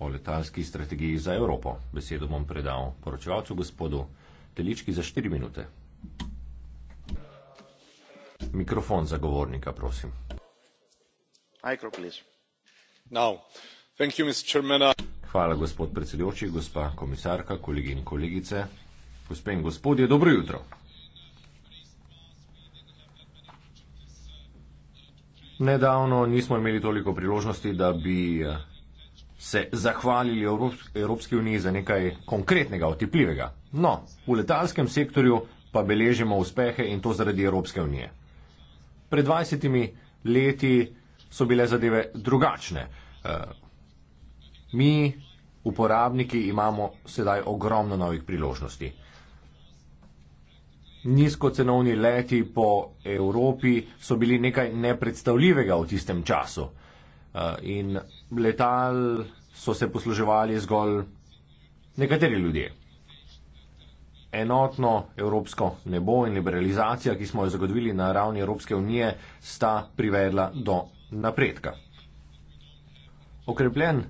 o letalski strategiji za Evropo. Besedo bom predal poročevalcu gospodu Telički za štiri minute. Mikrofon zagovornika, prosim. Hvala, gospod predsedujoči, gospa komisarka, kolegi in kolegice, gospe in gospodje, dobro jutro. Nedavno nismo imeli toliko priložnosti, da bi eh, se zahvalili Evropski uniji za nekaj konkretnega, otipljivega. No, v letalskem sektorju pa beležimo uspehe in to zaradi Evropske unije. Pred 20 leti so bile zadeve drugačne. Eh, mi, uporabniki, imamo sedaj ogromno novih priložnosti. Nizkocenovni leti po Evropi so bili nekaj nepredstavljivega v tistem času. Eh, in letal so se posluževali zgolj nekateri ljudje. Enotno evropsko nebo in liberalizacija, ki smo jo zagotovili na ravni Evropske unije, sta privedla do napredka. Okrepljen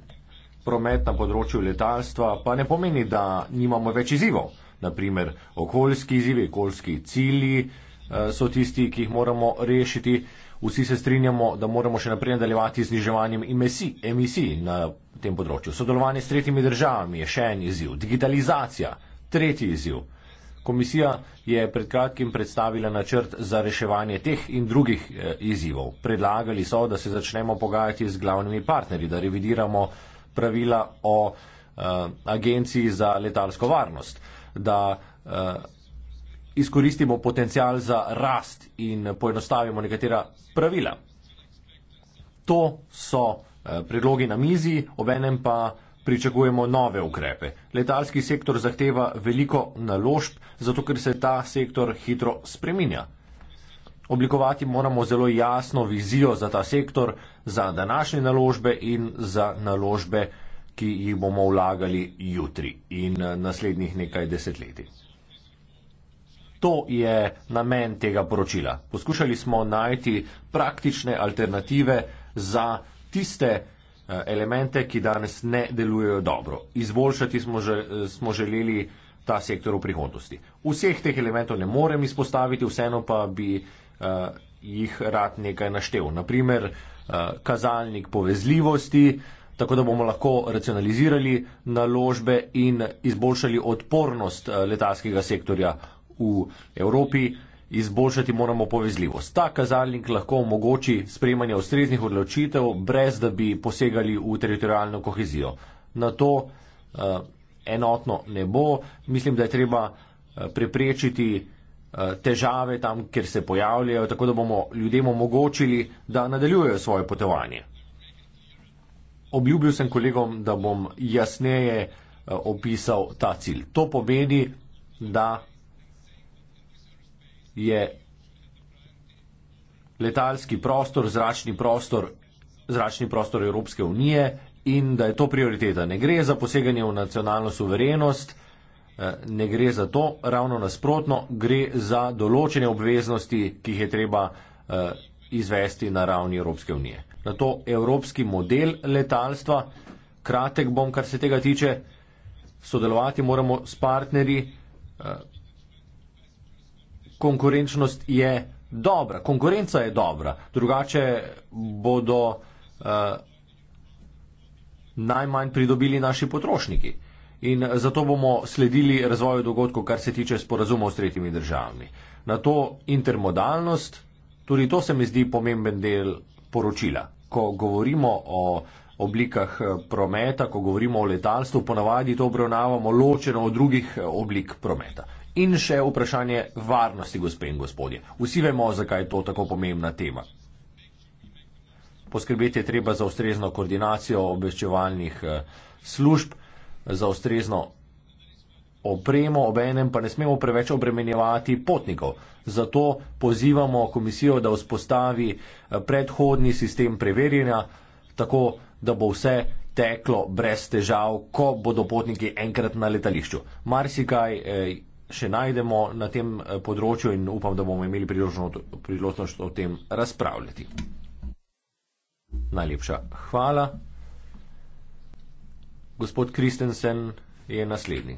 promet na področju letalstva pa ne pomeni, da nimamo več izzivov. Naprimer, okoljski izzivi, okoljski cilji eh, so tisti, ki jih moramo rešiti vsi se strinjamo, da moramo še naprej nadaljevati zniževanjem emisij na tem področju. Sodelovanje s tretjimi državami je še en izziv. Digitalizacija, tretji izziv. Komisija je pred kratkim predstavila načrt za reševanje teh in drugih eh, izzivov. Predlagali so, da se začnemo pogajati z glavnimi partnerji, da revidiramo pravila o uh, agenciji za letalsko varnost, da uh, izkoristimo potencial za rast in poenostavimo nekatera pravila. To so eh, predlogi na mizi, obenem pa pričakujemo nove ukrepe. Letalski sektor zahteva veliko naložb, zato ker se ta sektor hitro spreminja. Oblikovati moramo zelo jasno vizijo za ta sektor, za današnje naložbe in za naložbe, ki jih bomo vlagali jutri in eh, naslednjih nekaj desetletij. To je namen tega poročila. Poskušali smo najti praktične alternative za tiste eh, elemente, ki danes ne delujejo dobro. Izboljšati smo, že, eh, smo želeli ta sektor v prihodnosti. Vseh teh elementov ne morem izpostaviti, vseeno pa bi uh, jih rad nekaj naštel. Naprimer, uh, kazalnik povezljivosti, tako da bomo lahko racionalizirali naložbe in izboljšali odpornost uh, letalskega sektorja v Evropi. Izboljšati moramo povezljivost. Ta kazalnik lahko omogoči sprejemanje ustreznih odločitev, brez da bi posegali v teritorijalno kohezijo. Na to uh, enotno ne bo. Mislim, da je treba uh, preprečiti uh, težave tam, kjer se pojavljajo, tako da bomo ljudem omogočili, da nadaljujejo svoje potovanje. Obljubil sem kolegom, da bom jasneje uh, opisal ta cilj. To pomeni, da je letalski prostor, zračni prostor, zračni prostor Evropske unije in da je to prioriteta. Ne gre za poseganje v nacionalno suverenost, eh, ne gre za to, ravno nasprotno, gre za določene obveznosti, ki jih je treba eh, izvesti na ravni Evropske unije. Na to evropski model letalstva, kratek bom, kar se tega tiče, sodelovati moramo s partnerji, eh, konkurenčnost je dobra, konkurenca je dobra, drugače bodo uh, najmanj pridobili naši potrošniki. In zato bomo sledili razvoju dogodkov, kar se tiče sporazumov s tretjimi državami. Na to intermodalnost, tudi to se mi zdi pomemben del poročila. Ko govorimo o oblikah eh, prometa, ko govorimo o letalstvu, ponavadi to obravnavamo ločeno od drugih eh, oblik prometa in še vprašanje varnosti, gospe in gospodje. Vsi vemo, zakaj je to tako pomembna tema. Poskrbeti je treba za ustrezno koordinacijo obveščevalnih eh, služb, za ustrezno opremo, obenem pa ne smemo preveč obremenjevati potnikov. Zato pozivamo komisijo, da vzpostavi eh, predhodni sistem preverjanja, tako da bo vse teklo brez težav, ko bodo potniki enkrat na letališču. Marsikaj. Eh, še najdemo na tem eh, področju in upam, da bomo imeli priložnost o tem razpravljati. Najlepša hvala. Gospod Kristensen je naslednji.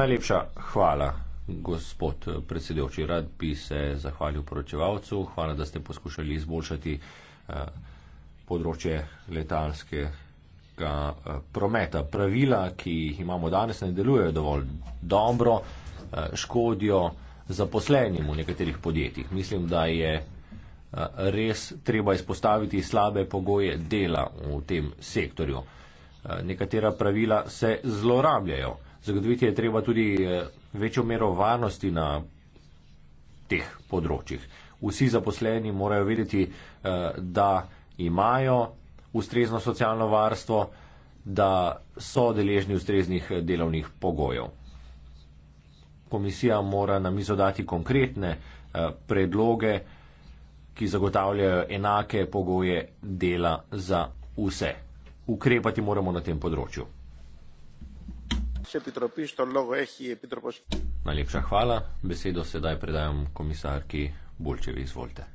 Najlepša hvala, gospod eh, predsedujoči. Rad bi se zahvalil poročevalcu. Hvala, da ste poskušali izboljšati uh, področje letalske železniškega eh, prometa. Pravila, ki jih imamo danes, ne delujejo dovolj dobro, eh, škodijo zaposlenim v nekaterih podjetjih. Mislim, da je eh, res treba izpostaviti slabe pogoje dela v tem sektorju. Nekatera pravila se zlorabljajo. Zagotoviti je treba tudi večjo mero varnosti na teh področjih. Vsi zaposleni morajo vedeti, da imajo ustrezno socialno varstvo, da so deležni ustreznih delovnih pogojev. Komisija mora na mizo dati konkretne eh, predloge, ki zagotavljajo enake pogoje dela za vse. Ukrepati moramo na tem področju. Najlepša hvala. Besedo sedaj predajam komisarki Bolčevi. Izvolite.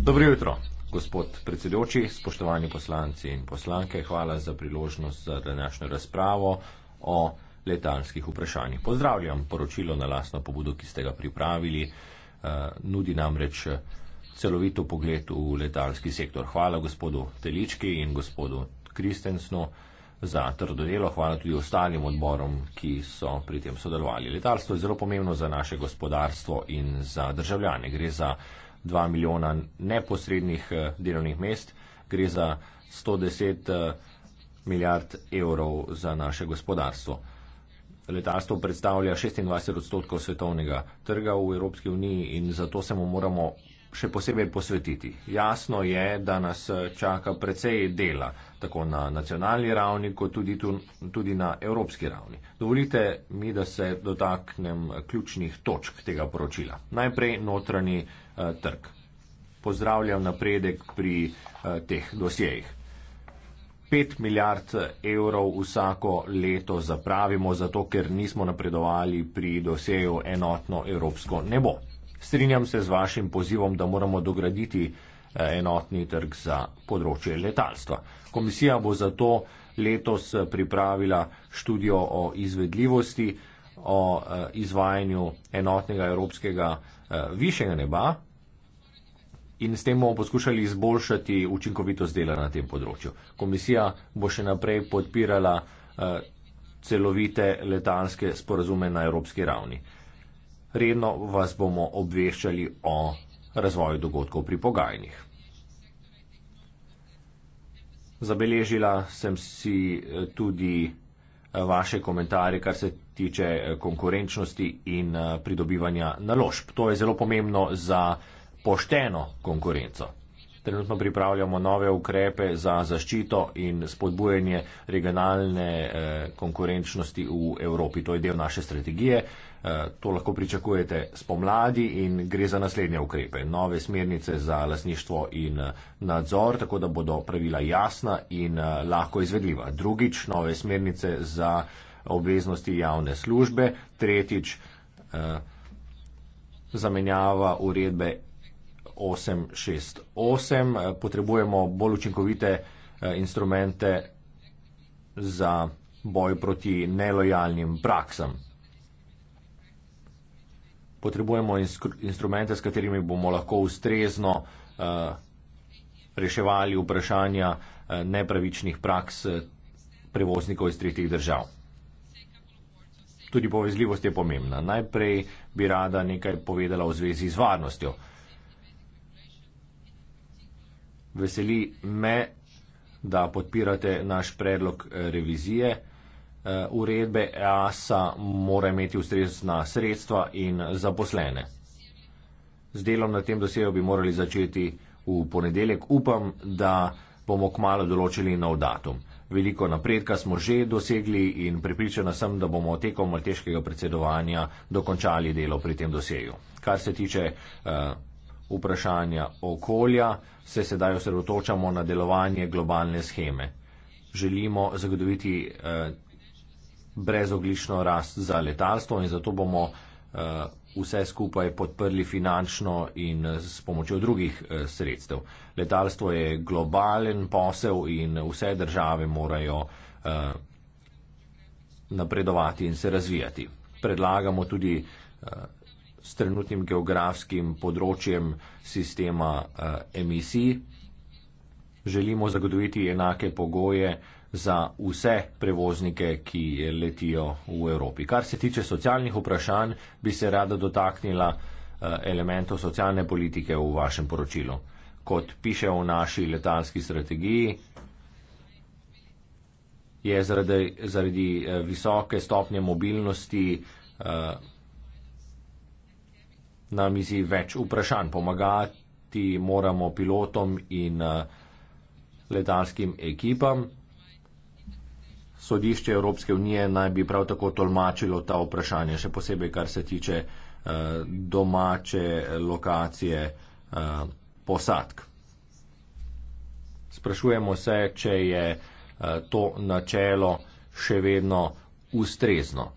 dobro jutro gospod predsedujoči spoštovani poslanci in poslanke hvala za priložnost za današnjo razpravo o letalskih vprašanjih pozdravljam poročilo na lastno pobudo ki ste ga pripravili eh, nudi namreč celovit vpogled v letalski sektor hvala gospodu telički in gospodu christensnu za trdo delo, hvala tudi ostalim odborom, ki so pri tem sodelovali. Letalstvo je zelo pomembno za naše gospodarstvo in za državljane. Gre za 2 milijona neposrednih eh, delovnih mest, gre za 110 eh, milijard evrov za naše gospodarstvo. Letalstvo predstavlja 26 odstotkov svetovnega trga v Evropski uniji in zato se mu moramo še posebej posvetiti. Jasno je, da nas čaka precej dela, tako na nacionalni ravni, kot tudi, tu, tudi na evropski ravni. Dovolite mi, da se dotaknem ključnih točk tega poročila. Najprej notranji eh, trg. Pozdravljam napredek pri eh, teh dosjejih. 5 milijard evrov vsako leto zapravimo, zato ker nismo napredovali pri dosjeju enotno evropsko nebo. Strinjam se z vašim pozivom, da moramo dograditi eh, enotni trg za področje letalstva. Komisija bo zato letos eh, pripravila študijo o izvedljivosti, o eh, izvajanju enotnega evropskega višjega neba in s tem bomo poskušali izboljšati učinkovitost dela na tem področju. Komisija bo še naprej podpirala celovite letalske sporazume na evropski ravni redno vas bomo obveščali o razvoju dogodkov pri pogajanjih. Zabeležila sem si eh, tudi eh, vaše komentarje, kar se tiče eh, konkurenčnosti in pridobivanja naložb. To je zelo pomembno za pošteno konkurenco trenutno pripravljamo nove ukrepe za zaščito in spodbujanje regionalne eh, konkurenčnosti v Evropi. To je del naše strategije. Eh, to lahko pričakujete spomladi in gre za naslednje ukrepe. Nove smernice za lasništvo in eh, nadzor, tako da bodo pravila jasna in lahko izvedljiva. Drugič, nove smernice za obveznosti javne službe. Tretjič, zamenjava uredbe 868. Potrebujemo bolj učinkovite eh, instrumente za boj proti nelojalnim praksam. Potrebujemo instrumente, s katerimi bomo lahko ustrezno eh, reševali vprašanja eh, nepravičnih praks prevoznikov iz tretjih držav. Tudi povezljivost je pomembna. Najprej bi rada nekaj povedala v zvezi z varnostjo. Veseli me, da podpirate naš predlog eh, revizije. Eh, uredbe EASA mora imeti ustrezna sredstva in zaposlene. Z delom na tem dosegu bi morali začeti v ponedeljek. Upam, da bomo kmalo določili nov datum. Veliko napredka smo že dosegli in pripričana sem, da bomo tekom malteškega predsedovanja dokončali delo pri tem dosegu. Kar se tiče uh, vprašanja okolja, se sedaj osredotočamo na delovanje globalne scheme. Želimo zagotoviti eh, brezoglično rast za letalstvo in zato bomo eh, vse skupaj podprli finančno in eh, s pomočjo drugih eh, sredstev. Letalstvo je globalen posel in vse države morajo eh, napredovati in se razvijati. Predlagamo tudi eh, s trenutnim geografskim področjem sistema eh, emisij. Želimo zagotoviti enake pogoje za vse prevoznike, ki letijo v Evropi. Kar se tiče socialnih vprašanj, bi se rada dotaknila eh, elementov socialne politike v vašem poročilu. Kot piše v naši letalski strategiji, je zaradi, zaradi eh, visoke stopnje mobilnosti na mizi več vprašanj. Pomagati moramo pilotom in eh, letalskim ekipam. Sodišče Evropske unije naj bi prav tako tolmačilo ta vprašanja, še posebej kar se tiče eh, domače lokacije eh, posadk. Sprašujemo se, če je to načelo še vedno ustrezno.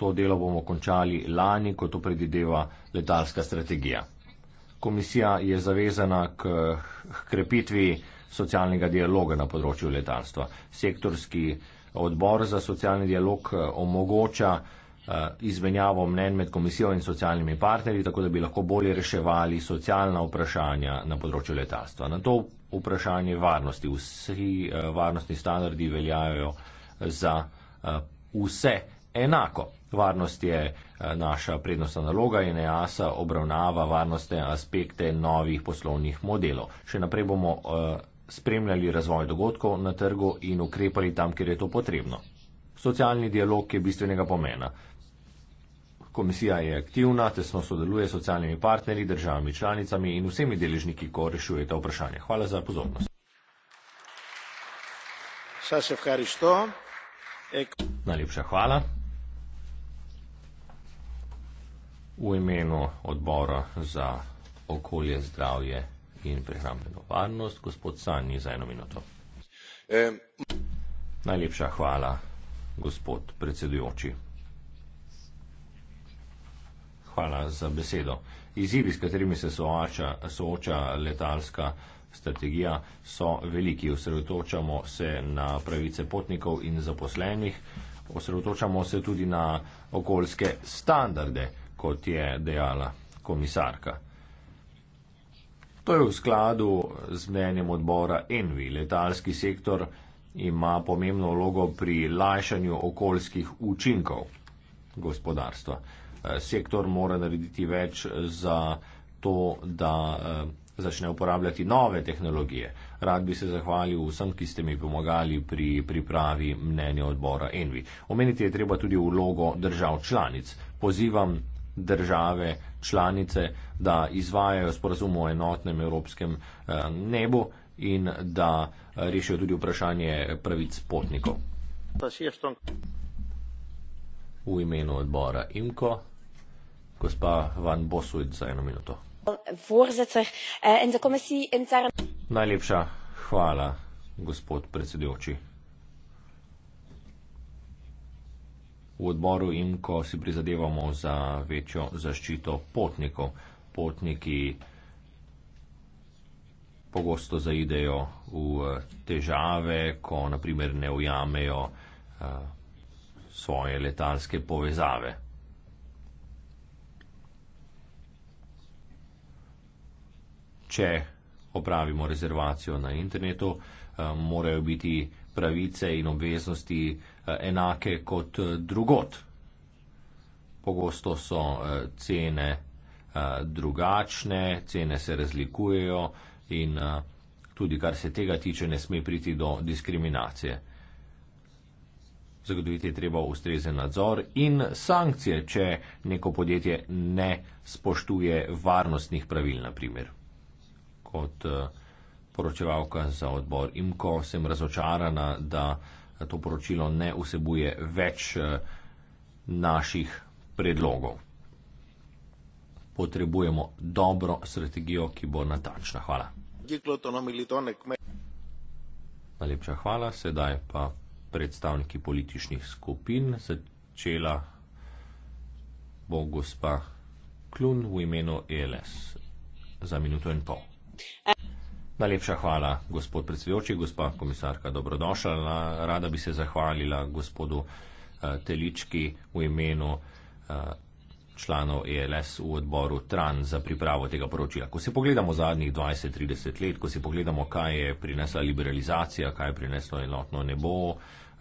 To delo bomo končali lani, kot to predideva letalska strategija. Komisija je zavezana k krepitvi socialnega dialoga na področju letalstva. Sektorski odbor za socialni dialog eh, omogoča eh, izmenjavo mnen med komisijo in socialnimi partnerji, tako da bi lahko bolje reševali socialna vprašanja na področju letalstva. Na to vprašanje varnosti. Vsi eh, varnostni standardi veljajo za vse enako. Varnost je eh, naša prednostna naloga in EASA obravnava varnostne aspekte novih poslovnih modelov. Še naprej bomo eh, spremljali razvoj dogodkov na trgu in ukrepali tam, kjer je to potrebno. Socialni dialog je bistvenega pomena. Komisija je aktivna, tesno sodeluje s socialnimi partnerji, državami članicami in vsemi deležniki, ko rešujete vprašanje. Hvala za pozornost. Najlepša hvala. v imenu odbora za okolje, zdravje in prehrambeno varnost, gospod Sanji, za eno minuto. E... Najlepša hvala, gospod predsedujoči. Hvala za besedo. Izzivi, s katerimi se soača, sooča letalska strategija, so veliki. Osredotočamo se na pravice potnikov in zaposlenih, osredotočamo se tudi na okoljske standarde, kot je dejala komisarka. To je v skladu z mnenjem odbora Envi. Letalski sektor ima pomembno vlogo pri lajšanju okoljskih učinkov gospodarstva. Eh, sektor mora narediti več za to, da eh, začne uporabljati nove tehnologije. Rad bi se zahvalil vsem, ki ste mi pomagali pri pripravi mnenja odbora Envi. Omeniti je treba tudi vlogo držav članic. Pozivam države članice, da izvajajo sporazum o enotnem evropskem eh, nebu in da eh, rešijo tudi vprašanje pravic potnikov. V imenu odbora IMKO, gospa Van Bosuit za eno minuto. Eh, Najlepša hvala, gospod predsedujoči. v odboru in ko si prizadevamo za večjo zaščito potnikov. Potniki pogosto zaidejo v eh, težave, ko naprimer ne ujamejo eh, svoje letalske povezave. Če opravimo rezervacijo na internetu, eh, morajo biti pravice in obveznosti enake kot eh, drugot. Pogosto so eh, cene eh, drugačne, cene se razlikujejo in tudi kar se tega tiče, ne sme priti do diskriminacije. Zagotoviti je treba ustrezen nadzor in sankcije, če neko podjetje ne spoštuje varnostnih pravil, naprimer. Kot poročevalka za odbor IMKO sem razočarana, da to poročilo ne vsebuje več eh, naših predlogov. Potrebujemo dobro strategijo, ki bo natančna. Hvala. Najlepša hvala. Sedaj pa predstavniki političnih skupin. Začela bo gospa Klun v imenu ELS za minuto in pol. Najlepša hvala, gospod predsedujoči, gospa komisarka, dobrodošla. Rada bi se zahvalila gospodu uh, Telički v imenu uh, članov ELS v odboru TRAN za pripravo tega poročila. Ko si pogledamo zadnjih 20-30 let, ko si pogledamo, kaj je prinesla liberalizacija, kaj je prineslo enotno nebo,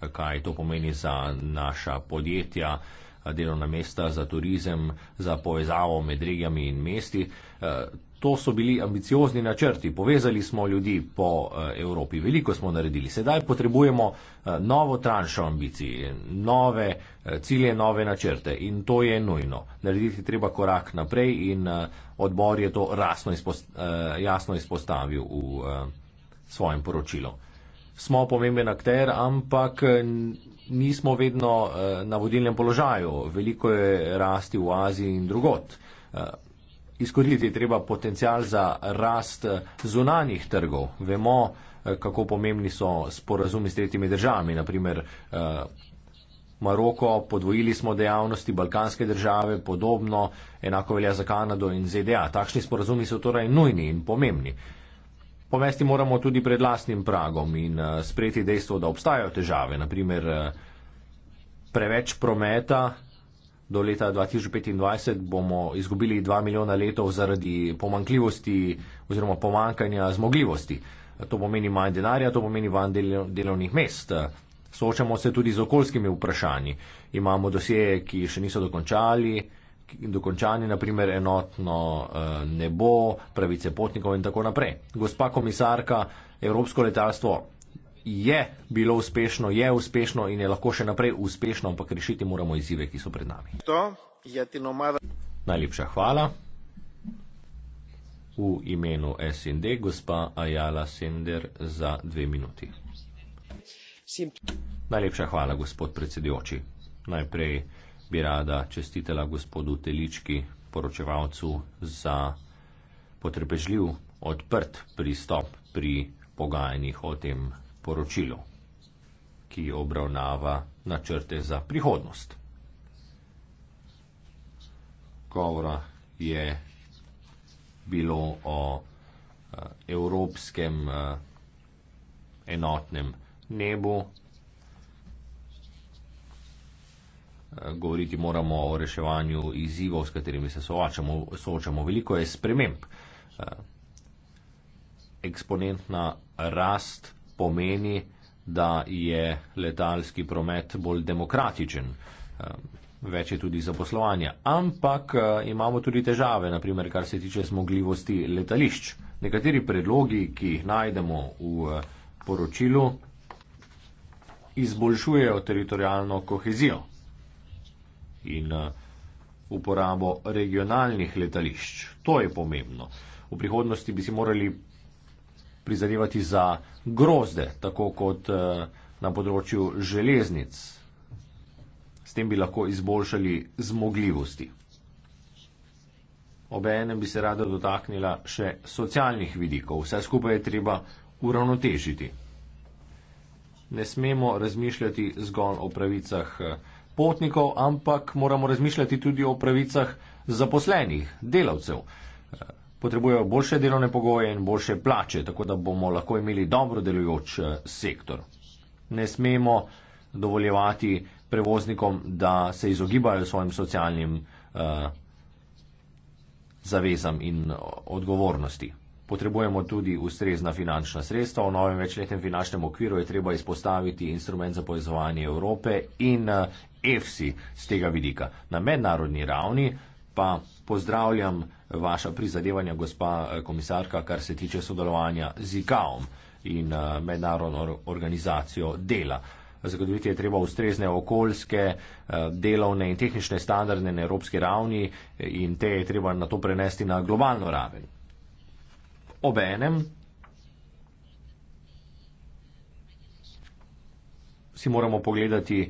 eh, kaj to pomeni za naša podjetja, uh, Eh, delovna mesta, za turizem, za povezavo med regijami in mesti. Eh, to so bili ambiciozni načrti. Povezali smo ljudi po eh, Evropi, veliko smo naredili. Sedaj potrebujemo novo tranšo ambicij, nove cilje, nove načrte in to je nujno. Narediti treba korak naprej in odbor je to izpost, jasno izpostavil v svojem poročilu. Smo pomemben akter, ampak nismo vedno eh, na vodilnem položaju. Veliko je rasti v Aziji in drugot. Eh, izkoristiti je treba potencial za rast eh, zunanjih trgov. Vemo, kako pomembni so sporazumi s tretjimi državami. Naprimer, Maroko, podvojili smo dejavnosti, balkanske države, podobno, enako velja za Kanado in ZDA. Takšni sporazumi so torej nujni in pomembni pomesti moramo tudi pred lastnim pragom in eh, sprejeti dejstvo, da obstajajo težave, naprimer eh, preveč prometa. Do leta 2025 bomo izgubili 2 milijona letov zaradi pomankljivosti oziroma pomankanja zmogljivosti. To pomeni manj denarja, to pomeni van delovnih mest. Soočamo se tudi z okoljskimi vprašanji. Imamo dosije, ki še niso dokončali dokončanje, naprimer enotno eh, nebo, pravice potnikov in tako naprej. Gospa komisarka, evropsko letalstvo je bilo uspešno, je uspešno in je lahko še naprej uspešno, ampak rešiti moramo izzive, ki so pred nami. Najlepša hvala. V imenu SND, gospa Ajala Sender, za dve minuti. Najlepša hvala, gospod predsedujoči. Najprej bi rada čestitela gospodu Telički, poročevalcu, za potrpežljiv, odprt pristop pri pogajanjih o tem poročilu, ki obravnava načrte za prihodnost. Govora je bilo o eh, evropskem eh, enotnem nebu, Eh, govoriti moramo o reševanju izzivov, s katerimi se soočamo. soočamo. Veliko je sprememb. Eh, eksponentna rast pomeni, da je letalski promet bolj demokratičen, eh, več je tudi zaposlovanja. Ampak imamo tudi težave, naprimer, kar se tiče zmogljivosti letališč. Nekateri predlogi, ki jih najdemo v poročilu, izboljšujejo teritorijalno kohezijo in eh, uporabo regionalnih letališč. To je pomembno. V prihodnosti bi si morali prizadevati za grozde, tako kot eh, na področju železnic. S tem bi lahko izboljšali zmogljivosti. Obenem bi se rada dotaknila še socialnih vidikov. Vse skupaj je treba uravnotežiti. Ne smemo razmišljati zgolj o pravicah eh, potnikov, ampak moramo razmišljati tudi o pravicah zaposlenih, delavcev. Eh, potrebujejo boljše delovne pogoje in boljše plače, tako da bomo lahko imeli dobro delujoč eh, sektor. Ne smemo dovoljevati prevoznikom, da se izogibajo svojim socialnim uh, zavezam in odgovornosti. Potrebujemo tudi ustrezna finančna sredstva. V novem večletnem finančnem okviru je treba izpostaviti instrument za povezovanje Evrope in eh, EFSI z tega vidika. Na mednarodni ravni pa pozdravljam vaša prizadevanja, gospa eh, komisarka, kar se tiče sodelovanja z IKAOM in eh, mednarodno organizacijo dela. Zagotoviti je treba ustrezne okoljske, delovne in tehnične standarde na evropski ravni in te je treba na to prenesti na globalno raven obenem si moramo pogledati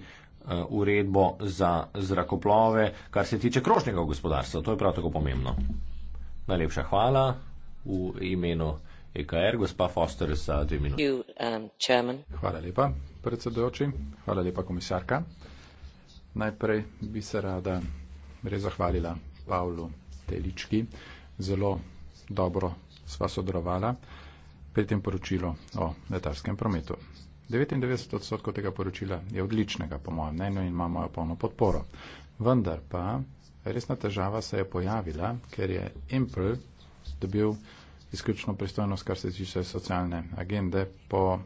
eh, uredbo za zrakoplove, kar se tiče krožnega gospodarstva. To je prav tako pomembno. Najlepša hvala v imenu EKR, gospa Foster, za dve minuti. Um, hvala lepa, predsedojoči. Hvala lepa, komisarka. Najprej bi se rada res zahvalila Pavlu Telički. Zelo dobro sva sodelovala pri tem poročilu o letalskem prometu. 99 odstotkov tega poročila je odličnega, po mojem mnenju, in imamo polno podporo. Vendar pa resna težava se je pojavila, ker je Impel dobil izključno pristojnost, kar se tiče socialne agende po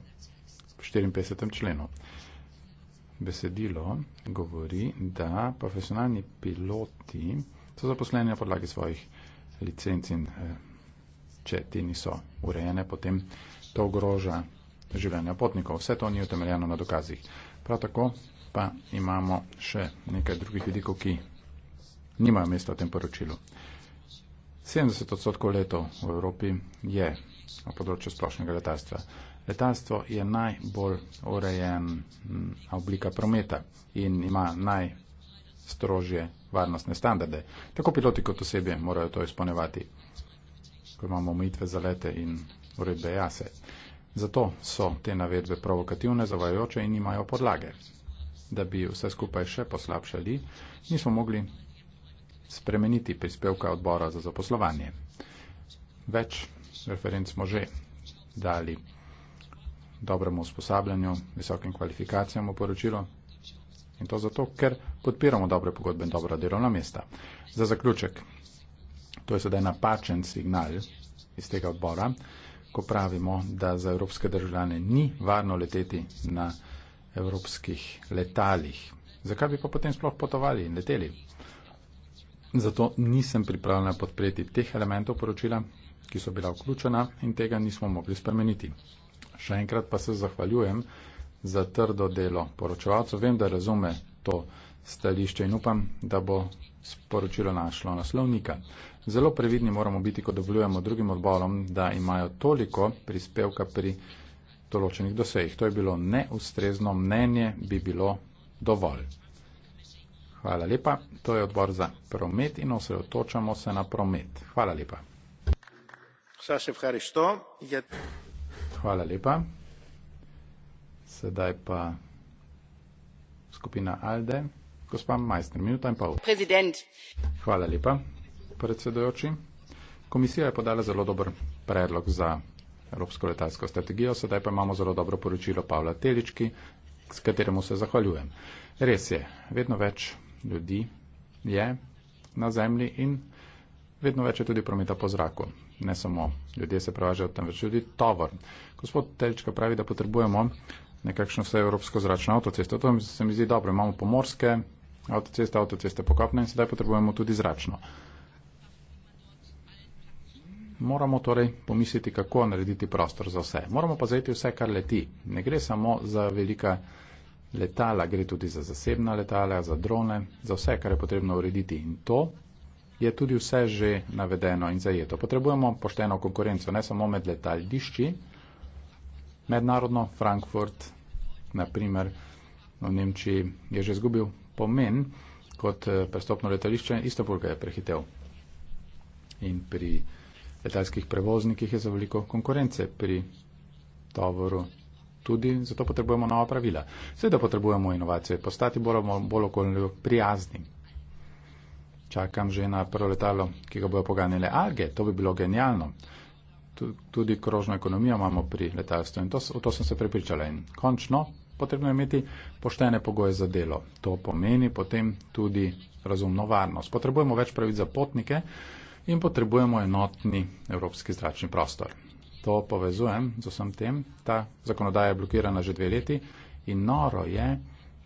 54. členu. Besedilo govori, da profesionalni piloti so zaposleni na podlagi svojih licenc in eh, če te niso urejene, potem to ogroža življenja potnikov. Vse to ni utemeljeno na dokazih. Prav tako pa imamo še nekaj drugih vidikov, ki nimajo mesta v tem poročilu. 70 odstotkov letov v Evropi je na področju splošnega letalstva. Letalstvo je najbolj urejena oblika prometa in ima najstrožje varnostne standarde. Tako piloti kot osebje morajo to izpolnevati ko imamo omejitve za lete in uredbe jase. Zato so te navedbe provokativne, zavajajoče in imajo podlage. Da bi vse skupaj še poslabšali, nismo mogli spremeniti prispevka odbora za zaposlovanje. Več referenc smo že dali dobremu usposabljanju, visokim kvalifikacijam v poročilo in to zato, ker podpiramo dobre pogodbe in dobra delovna mesta. Za zaključek To je sedaj napačen signal iz tega odbora, ko pravimo, da za evropske državljane ni varno leteti na evropskih letalih. Zakaj bi pa potem sploh potovali in leteli? Zato nisem pripravljena podpreti teh elementov poročila, ki so bila vključena in tega nismo mogli spremeniti. Še enkrat pa se zahvaljujem za trdo delo poročevalcev. Vem, da razume to stališče in upam, da bo sporočilo našlo naslovnika. Zelo previdni moramo biti, ko dovoljujemo drugim odbolom, da imajo toliko prispevka pri določenih dosejih. To je bilo neustrezno mnenje, bi bilo dovolj. Hvala lepa. To je odbor za promet in osredotočamo se na promet. Hvala lepa. Hvala lepa. Sedaj pa skupina Alde. Gospa Majster, minuta in pol. Hvala lepa predsedojoči. Komisija je podala zelo dober predlog za Evropsko letalsko strategijo, sedaj pa imamo zelo dobro poročilo Pavla Telički, s kateremu se zahvaljujem. Res je, vedno več ljudi je na zemlji in vedno več je tudi prometa po zraku. Ne samo ljudje se prevažajo, temveč tudi tovor. Gospod Telička pravi, da potrebujemo nekakšno vse Evropsko zračno avtocesto. To se mi zdi dobro. Imamo pomorske avtoceste, avtoceste pokopne in sedaj potrebujemo tudi zračno moramo torej pomisliti, kako narediti prostor za vse. Moramo pa zajeti vse, kar leti. Ne gre samo za velika letala, gre tudi za zasebna letala, za drone, za vse, kar je potrebno urediti. In to je tudi vse že navedeno in zajeto. Potrebujemo pošteno konkurenco, ne samo med letališči, mednarodno Frankfurt, naprimer v Nemčiji, je že izgubil pomen kot eh, prestopno letališče, Istanbul ga je prehitel. In pri letalskih prevoznikih je za veliko konkurence pri tovoru. Tudi zato potrebujemo nova pravila. Seveda potrebujemo inovacije, postati moramo bolj okoljno prijazni. Čakam že na prvo letalo, ki ga bojo poganjale alge. To bi bilo genialno. Tudi krožno ekonomijo imamo pri letalstvu in to, v to sem se prepričala. In končno potrebno je imeti poštene pogoje za delo. To pomeni potem tudi razumno varnost. Potrebujemo več pravic za potnike in potrebujemo enotni evropski zračni prostor. To povezujem z vsem tem. Ta zakonodaja je blokirana že dve leti in noro je,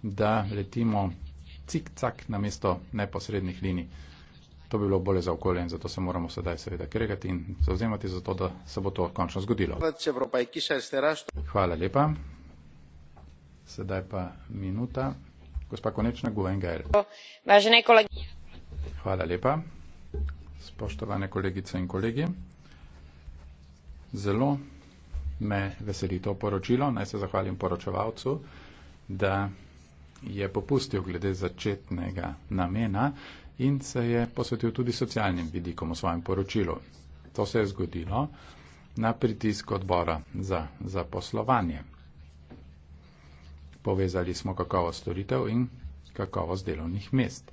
da letimo cik-cak na mesto neposrednih linij. To bi bilo bolje za okolje in zato se moramo sedaj seveda kregati in zauzemati za to, da se bo to končno zgodilo. Hvala lepa. Sedaj pa minuta. Gospa Konečna, Guengel. Hvala lepa spoštovane kolegice in kolegi. Zelo me veseli to poročilo. Naj se zahvalim poročevalcu, da je popustil glede začetnega namena in se je posvetil tudi socialnim vidikom v svojem poročilu. To se je zgodilo na pritisk odbora za zaposlovanje. Povezali smo kakovost storitev in kakovost delovnih mest.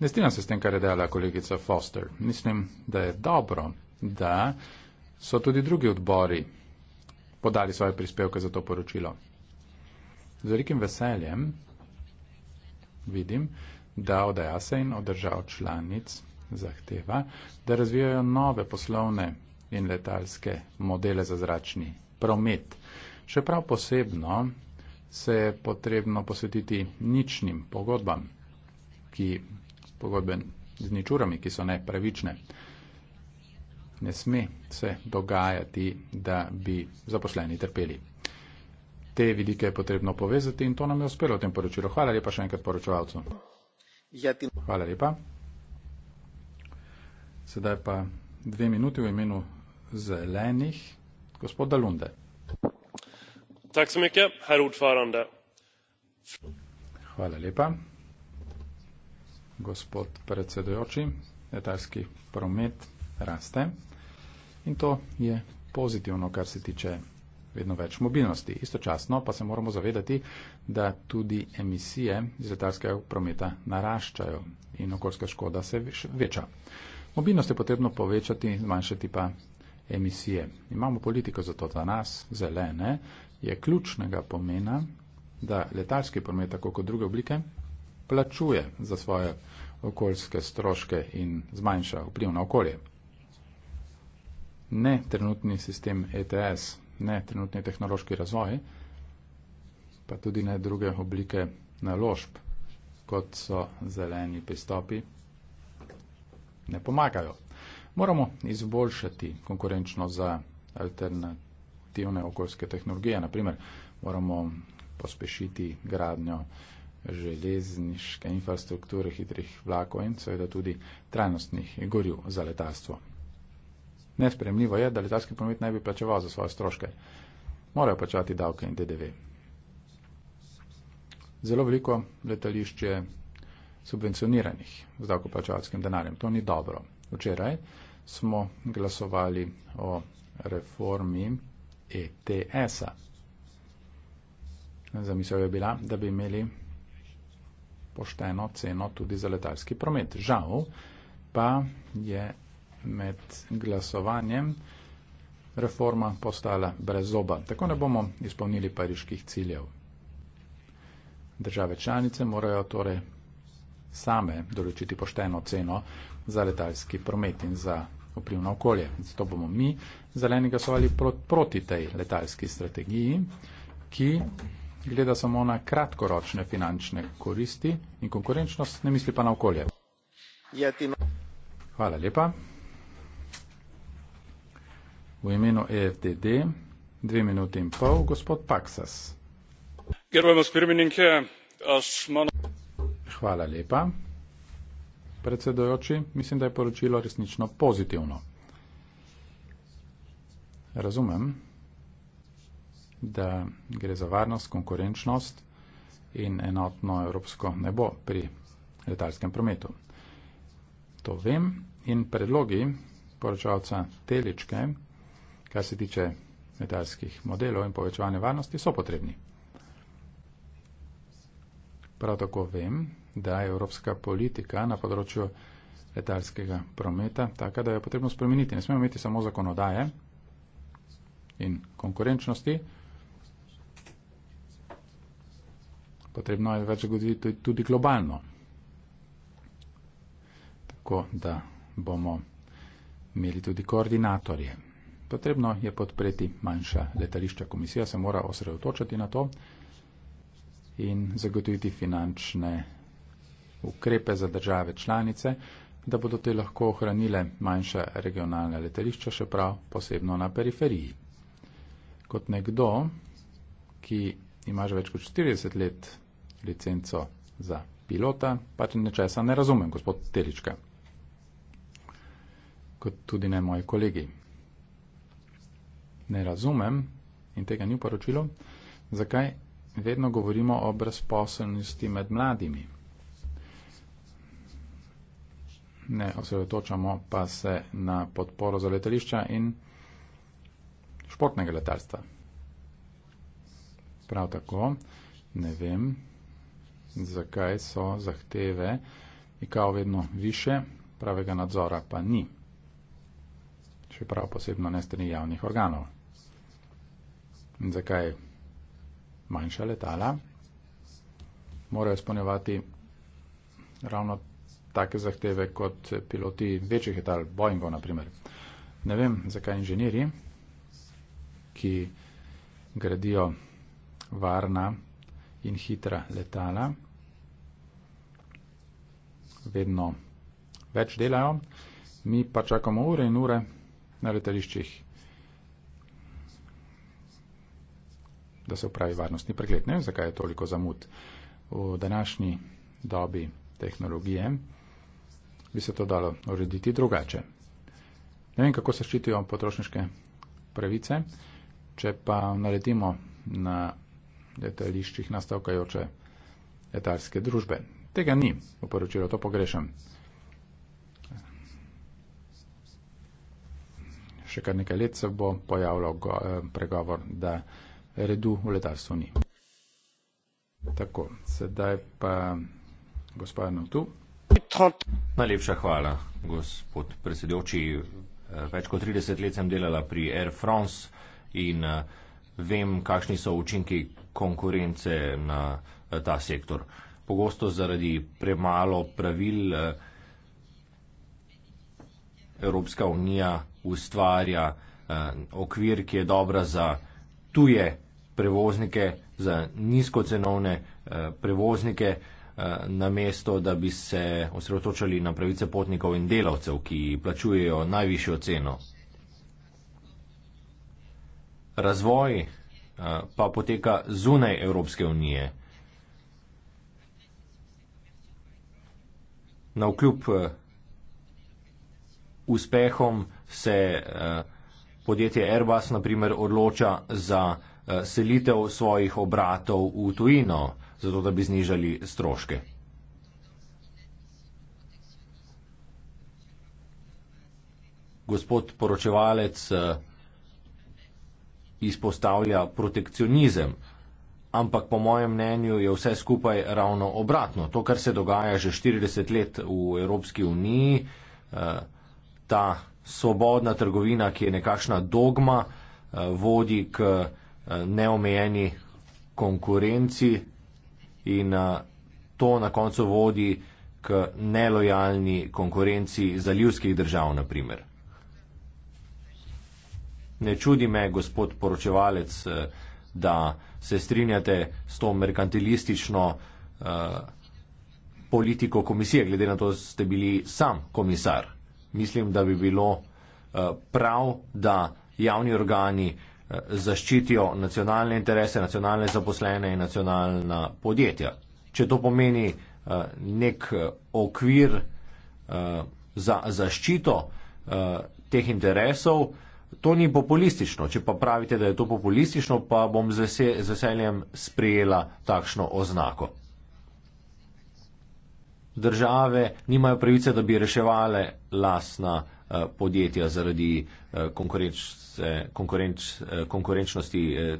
Ne strinjam se s tem, kar je dejala kolegica Foster. Mislim, da je dobro, da so tudi drugi odbori podali svoje prispevke za to poročilo. Z velikim veseljem vidim, da od EASA in od držav članic zahteva, da razvijajo nove poslovne in letalske modele za zračni promet. Še prav posebno se je potrebno posvetiti ničnim pogodbam, ki pogodben z ničurami, ki so nepravične. Ne sme se dogajati, da bi zaposleni trpeli. Te vidike je potrebno povezati in to nam je uspelo v tem poročilu. Hvala lepa še enkrat poročevalcu. Ja, Hvala lepa. Sedaj pa dve minuti v imenu zelenih. Gospod Dalunde. Tak se mi je, herr ordförande. Hvala lepa gospod predsedujoči, letalski promet raste in to je pozitivno, kar se tiče vedno več mobilnosti. Istočasno pa se moramo zavedati, da tudi emisije iz letalskega prometa naraščajo in okoljska škoda se veča. Mobilnost je potrebno povečati, zmanjšati pa emisije. Imamo politiko za to, da nas, zelene, je ključnega pomena, da letalski promet, tako kot druge oblike, plačuje za svoje okoljske stroške in zmanjša vpliv na okolje. Ne trenutni sistem ETS, ne trenutni tehnološki razvoj, pa tudi ne druge oblike naložb, kot so zeleni pristopi, ne pomagajo. Moramo izboljšati konkurenčno za alternativne okoljske tehnologije, naprimer moramo pospešiti gradnjo železniške infrastrukture, hitrih vlakov in seveda tudi trajnostnih goriv za letalstvo. Nespremljivo je, da letalski promet naj bi plačeval za svoje stroške. Morajo plačati davke in DDV. Zelo veliko letališč je subvencioniranih z davkoplačevalskim denarjem. To ni dobro. Včeraj smo glasovali o reformi ETS-a. Zamisel je bila, da bi imeli pošteno ceno tudi za letalski promet. Žal pa je med glasovanjem reforma postala brez zoba. Tako ne bomo izpolnili pariških ciljev. Države članice morajo torej same določiti pošteno ceno za letalski promet in za vplivno okolje. Zato bomo mi zeleni glasovali proti tej letalski strategiji, ki gleda samo na kratkoročne finančne koristi in konkurenčnost, ne misli pa na okolje. Ja, Hvala lepa. V imenu EFDD dve minuti in pol, gospod Paksas. Hvala lepa. Predsedujoči, mislim, da je poročilo resnično pozitivno. Razumem da gre za varnost, konkurenčnost in enotno evropsko nebo pri letalskem prometu. To vem in predlogi poročevalca Teličke, kar se tiče letalskih modelov in povečevanja varnosti, so potrebni. Prav tako vem, da je evropska politika na področju letalskega prometa taka, da jo je potrebno spremeniti. Ne smemo imeti samo zakonodaje in konkurenčnosti, potrebno je več zagotoviti tudi globalno. Tako da bomo imeli tudi koordinatorje. Potrebno je podpreti manjša letališča. Komisija se mora osredotočiti na to in zagotoviti finančne ukrepe za države članice, da bodo te lahko ohranile manjša regionalna letališča, še prav posebno na periferiji. Kot nekdo, ki ima že več kot 40 let licenco za pilota, pač nečesa ne razumem, gospod Telička. Kot tudi ne moji kolegi. Ne razumem in tega ni v poročilu, zakaj vedno govorimo o brezposelnosti med mladimi. Ne osredotočamo pa se na podporo za letališča in športnega letalstva. Prav tako ne vem, zakaj so zahteve IKO vedno više, pravega nadzora pa ni. Še prav posebno ne strani javnih organov. In zakaj manjša letala morajo spolnjevati ravno take zahteve kot piloti večjih letal, Boeingov naprimer. Ne vem, zakaj inženirji, ki gradijo varna in hitra letala, vedno več delajo, mi pa čakamo ure in ure na letališčih, da se upravi varnostni pregled. Ne vem, zakaj je toliko zamud v današnji dobi tehnologije, bi se to dalo urediti drugače. Ne vem, kako se ščitijo potrošniške pravice, če pa naletimo na letališčih nastavkajoče letalske družbe. Tega ni v poročilu, to pogrešam. Še kar nekaj let se bo pojavljal go, eh, pregovor, da redu v letarstvu ni. Tako, sedaj pa gospod Notu. Najlepša hvala, gospod predsedujoči. Več kot 30 let sem delala pri Air France in eh, vem, kakšni so učinki konkurence na eh, ta sektor pogosto zaradi premalo pravil eh, Evropska unija ustvarja eh, okvir, ki je dobra za tuje prevoznike, za nizkocenovne eh, prevoznike, na mesto, da bi se osredotočali na pravice potnikov in delavcev, ki plačujejo najvišjo ceno. Razvoj pa poteka zunaj Evropske unije. na vkljub eh, uspehom se eh, podjetje Airbus, na primer, odloča za eh, selitev svojih obratov v tujino, zato da bi znižali stroške. Gospod poročevalec izpostavlja protekcionizem. Ampak po mojem mnenju je vse skupaj ravno obratno. To, kar se dogaja že 40 let v Evropski uniji, eh, ta svobodna trgovina, ki je nekakšna dogma, eh, vodi k eh, neomejeni konkurenci in to na koncu vodi k nelojalni konkurenci zalivskih držav, naprimer. Ne čudi me, gospod poročevalec, da se strinjate s to merkantilistično uh, politiko komisije, glede na to, da ste bili sam komisar. Mislim, da bi bilo uh, prav, da javni organi uh, zaščitijo nacionalne interese, nacionalne zaposlene in nacionalna podjetja. Če to pomeni uh, nek okvir uh, za zaščito uh, teh interesov, uh, To ni populistično, če pa pravite, da je to populistično, pa bom z, vese, z veseljem sprejela takšno oznako. Države nimajo pravice, da bi reševali lasna eh, podjetja zaradi eh, konkurenč, konkurenč, eh, konkurenčnosti eh,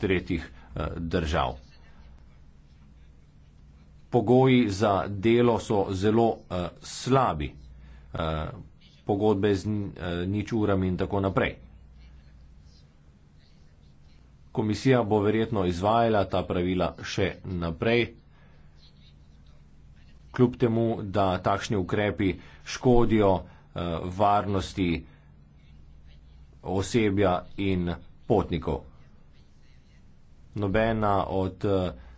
tretjih eh, držav. Pogoji za delo so zelo eh, slabi. Eh, pogodbe z eh, nič urami in tako naprej. Komisija bo verjetno izvajala ta pravila še naprej, kljub temu, da takšni ukrepi škodijo eh, varnosti osebja in potnikov. Nobena od eh,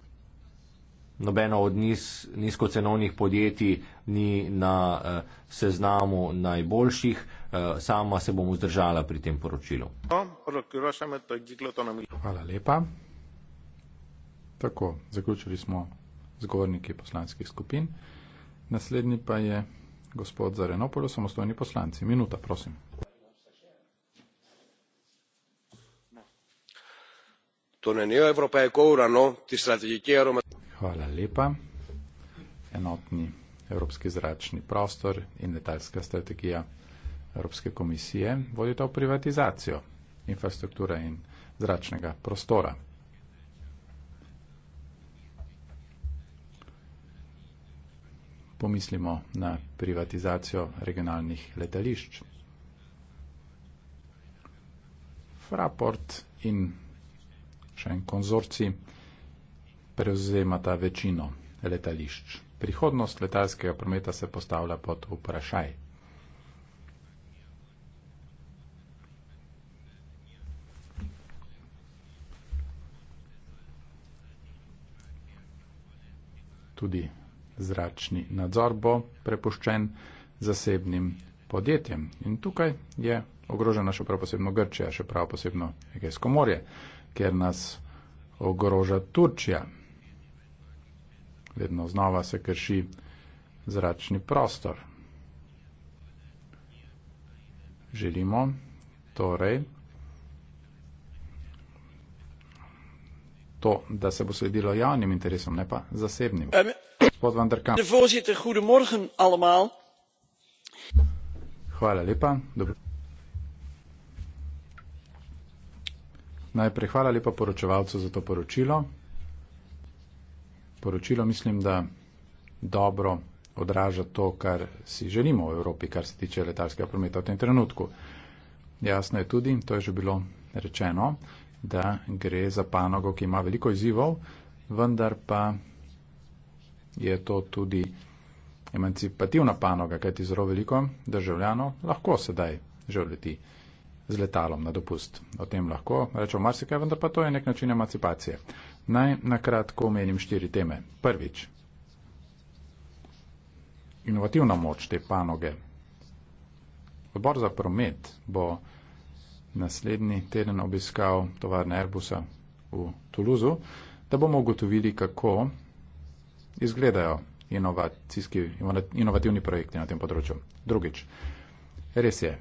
nobeno od niz, nizkocenovnih podjetij ni na eh, seznamu najboljših. Eh, sama se bom vzdržala pri tem poročilu. Hvala lepa. Tako, zaključili smo zgornike poslanskih skupin. Naslednji pa je gospod Zarenopolo, samostojni poslanci. Minuta, prosim. Το νέο Ευρωπαϊκό Ουρανό, τη στρατηγική αρωματική. Hvala lepa. Enotni evropski zračni prostor in letalska strategija Evropske komisije vodita v privatizacijo infrastrukture in zračnega prostora. Pomislimo na privatizacijo regionalnih letališč. Fraport in še en konzorcij prevzemata večino letališč. Prihodnost letalskega prometa se postavlja pod vprašaj. Tudi zračni nadzor bo prepuščen zasebnim podjetjem. In tukaj je ogrožena še prav posebno Grčija, še prav posebno Egejsko morje, kjer nas ogroža Turčija vedno znova se krši zračni prostor. Želimo torej to, da se bo sledilo javnim interesom, ne pa zasebnim. Gospod van der Kamp. Hvala lepa. Dobro. Najprej hvala lepa poročevalcu za to poročilo poročilo mislim, da dobro odraža to, kar si želimo v Evropi, kar se tiče letalskega prometa v tem trenutku. Jasno je tudi, to je že bilo rečeno, da gre za panogo, ki ima veliko izzivov, vendar pa je to tudi emancipativna panoga, kajti zelo veliko državljanov lahko sedaj že leti z letalom na dopust. O tem lahko rečemo marsikaj, vendar pa to je nek način emancipacije. Naj na kratko omenim štiri teme. Prvič, inovativna moč te panoge. Odbor za promet bo naslednji teden obiskal tovarne Airbusa v Tuluzu, da bomo ugotovili, kako izgledajo inovacijski, inovativni projekti na tem področju. Drugič, res je,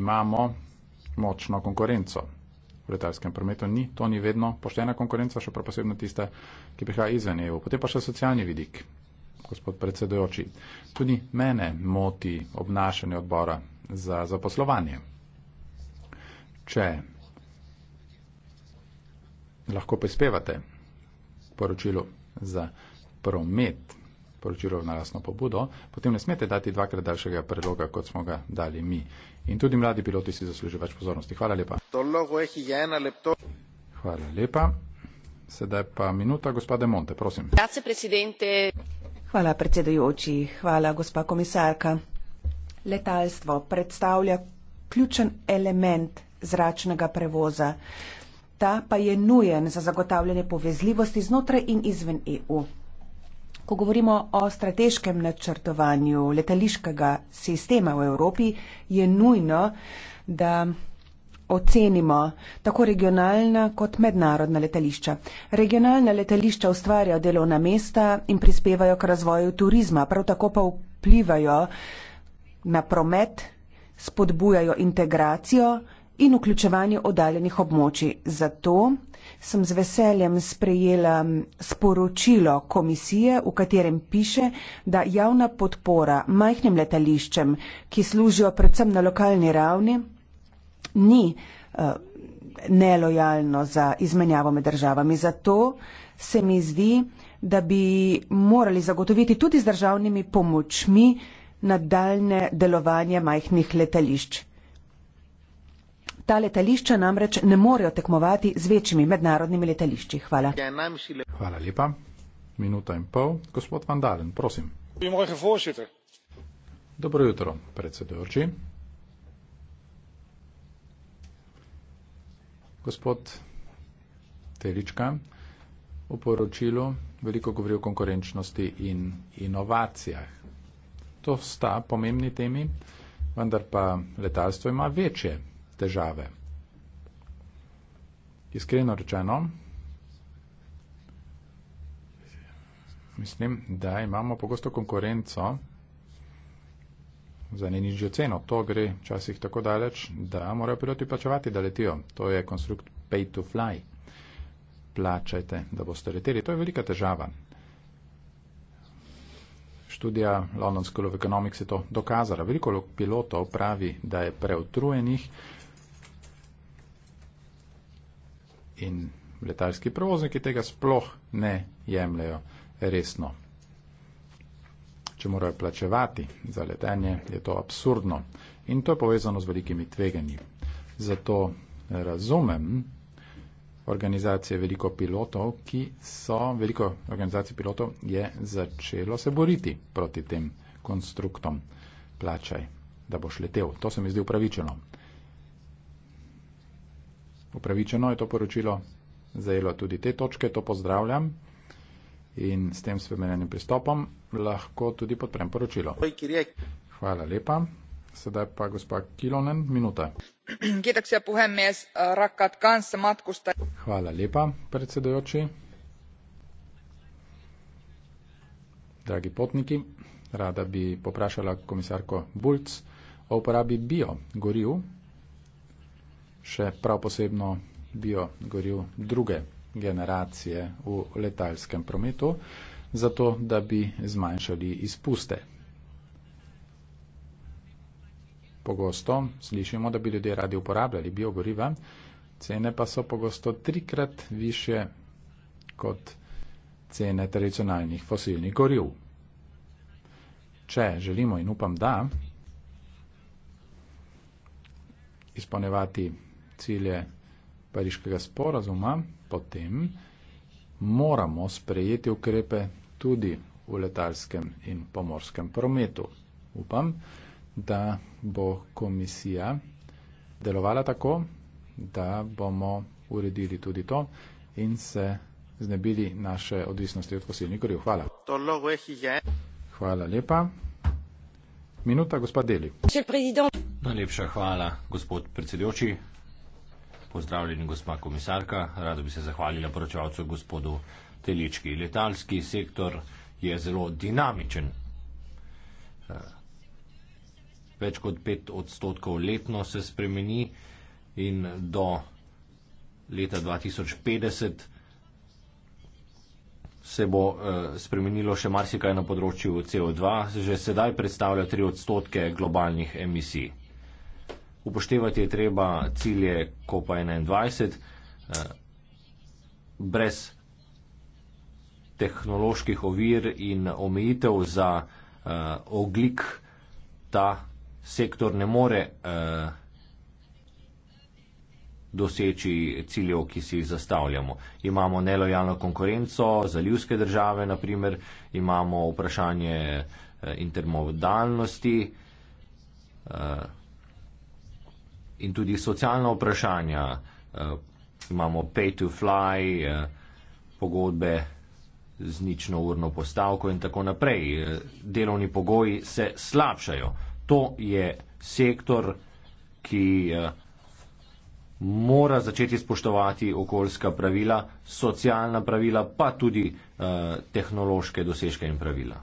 imamo močno konkurenco v letalskem prometu ni, to ni vedno poštena konkurenca, še prav posebno tista, ki prihaja izven EU. Potem pa še socialni vidik, gospod predsedojoči. Tudi mene moti obnašanje odbora za zaposlovanje. Če lahko prispevate poročilo za promet, poročilo v narasno pobudo, potem ne smete dati dvakrat daljšega predloga, kot smo ga dali mi. In tudi mladi piloti si zaslužijo več pozornosti. Hvala lepa. Hvala lepa. Sedaj pa minuta, gospa De Monte, prosim. Hvala predsedujoči, hvala gospa komisarka. Letalstvo predstavlja ključen element zračnega prevoza. Ta pa je nujen za zagotavljanje povezljivosti znotraj in izven EU ko govorimo o strateškem načrtovanju letališkega sistema v Evropi, je nujno, da ocenimo tako regionalna kot mednarodna letališča. Regionalna letališča ustvarjajo delovna mesta in prispevajo k razvoju turizma, prav tako pa vplivajo na promet, spodbujajo integracijo in vključevanje oddaljenih območij. Zato sem z veseljem sprejela sporočilo komisije, v katerem piše, da javna podpora majhnim letališčem, ki služijo predvsem na lokalni ravni, ni eh, nelojalno za izmenjavo med državami. Zato se mi zdi, da bi morali zagotoviti tudi z državnimi pomočmi nadaljne delovanje majhnih letališč. Ta letališča namreč ne morejo tekmovati z večjimi mednarodnimi letališči. Hvala. Hvala lepa. Minuta in pol. Gospod Vandalen, prosim. Dobro jutro, predsedujoči. Gospod Telička, v poročilu veliko govori o konkurenčnosti in inovacijah. To sta pomembni temi, vendar pa letalstvo ima večje težave. Iskreno rečeno, mislim, da imamo pogosto konkurenco za najnižjo ceno. To gre včasih tako daleč, da morajo piloti plačevati, da letijo. To je konstrukt pay to fly. Plačajte, da boste leteli. To je velika težava. Študija London School of Economics je to dokazala. Veliko pilotov pravi, da je preutrujenih, in letalski prevozniki tega sploh ne jemljajo resno. Če morajo plačevati za letenje, je to absurdno in to je povezano z velikimi tveganji. Zato razumem organizacije veliko pilotov, ki so, veliko organizacij pilotov je začelo se boriti proti tem konstruktom. Plačaj, da boš letel. To se mi zdi upravičeno upravičeno je to poročilo zajelo tudi te točke, to pozdravljam in s tem spremenjenim pristopom lahko tudi podprem poročilo. Hvala lepa. Sedaj pa gospa Kilonen, minuta. Hvala lepa, predsedojoči. Dragi potniki, rada bi poprašala komisarko Bulc o uporabi bio goriv še prav posebno bio goril druge generacije v letalskem prometu, zato da bi zmanjšali izpuste. Pogosto slišimo, da bi ljudje radi uporabljali biogoriva, cene pa so pogosto trikrat više kot cene tradicionalnih fosilnih goriv. Če želimo in upam, da izpolnjevati cilje pariškega sporazuma, potem moramo sprejeti ukrepe tudi v letalskem in pomorskem prometu. Upam, da bo komisija delovala tako, da bomo uredili tudi to in se znebili naše odvisnosti od fosilnih goriv. Hvala. Hvala lepa. Minuta, gospod Deli. Najlepša hvala, gospod predsedujoči. Pozdravljeni, gospa komisarka. Rado bi se zahvalila poročevalcu gospodu Telički. Letalski sektor je zelo dinamičen. Eh, več kot pet odstotkov letno se spremeni in do leta 2050 se bo eh, spremenilo še marsikaj na področju CO2, se že sedaj predstavlja tri odstotke globalnih emisij upoštevati je treba cilje COP21, eh, brez tehnoloških ovir in omejitev za eh, oglik ta sektor ne more eh, doseči ciljev, ki si jih zastavljamo. Imamo nelojalno konkurenco, zalivske države naprimer, imamo vprašanje intermodalnosti, in tudi socialna vprašanja. Uh, imamo pay to fly, uh, pogodbe z nično urno postavko in tako naprej. Uh, delovni pogoji se slabšajo. To je sektor, ki uh, mora začeti spoštovati okoljska pravila, socialna pravila, pa tudi uh, tehnološke dosežke in pravila.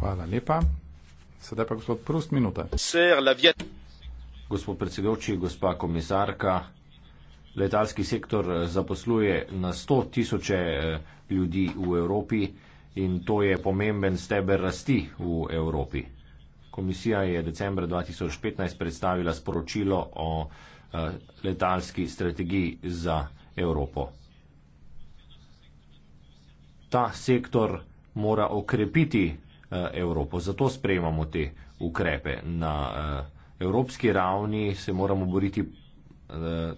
Hvala lepa. Sedaj pa gospod Prust, minuta. Gospod predsedoči, gospa komisarka, letalski sektor eh, zaposluje na 100 tisoče eh, ljudi v Evropi in to je pomemben steber rasti v Evropi. Komisija je decembra 2015 predstavila sporočilo o eh, letalski strategiji za Evropo. Ta sektor mora okrepiti Evropo, zato sprejemamo te ukrepe na Evropo evropski ravni se moramo boriti eh,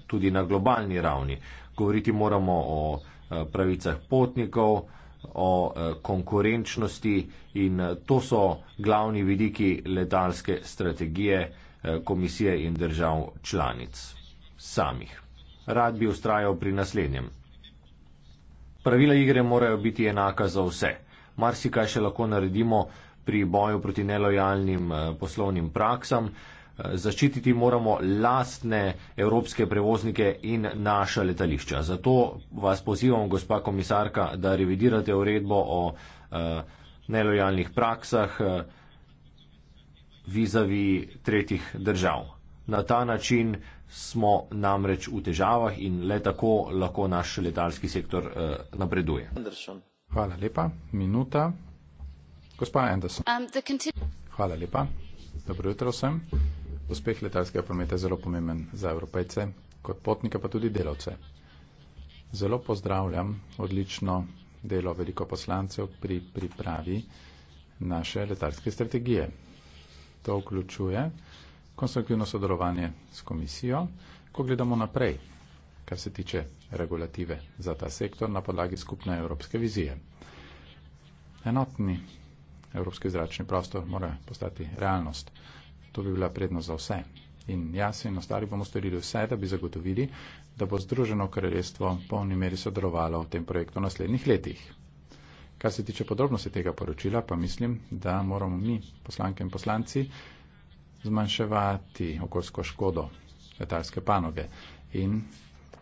tudi na globalni ravni. Govoriti moramo o eh, pravicah potnikov, o eh, konkurenčnosti in to so glavni vidiki letalske strategije komisije in držav članic samih. Rad bi ustrajal pri naslednjem. Pravila igre morajo biti enaka za vse. Marsikaj še lahko naredimo pri boju proti nelojalnim poslovnim praksam, zaščititi moramo lastne evropske prevoznike in naša letališča. Zato vas pozivam, gospa komisarka, da revidirate uredbo o eh, nelojalnih praksah eh, vizavi tretjih držav. Na ta način smo namreč v težavah in le tako lahko naš letalski sektor eh, napreduje. Hvala lepa. Minuta. Gospa Anderson. Um, Hvala lepa. Dobro jutro vsem uspeh letalskega prometa zelo pomemben za evropejce, kot potnike pa tudi delavce. Zelo pozdravljam odlično delo veliko poslancev pri pripravi naše letalske strategije. To vključuje konstruktivno sodelovanje s komisijo, ko gledamo naprej, kar se tiče regulative za ta sektor na podlagi skupne evropske vizije. Enotni evropski zračni prostor mora postati realnost. To bi bila prednost za vse. In jaz in ostali bomo storili vse, da bi zagotovili, da bo Združeno kraljestvo v polni meri sodelovalo v tem projektu v naslednjih letih. Kar se tiče podrobnosti tega poročila, pa mislim, da moramo mi, poslanke in poslanci, zmanjševati okoljsko škodo letalske panoge in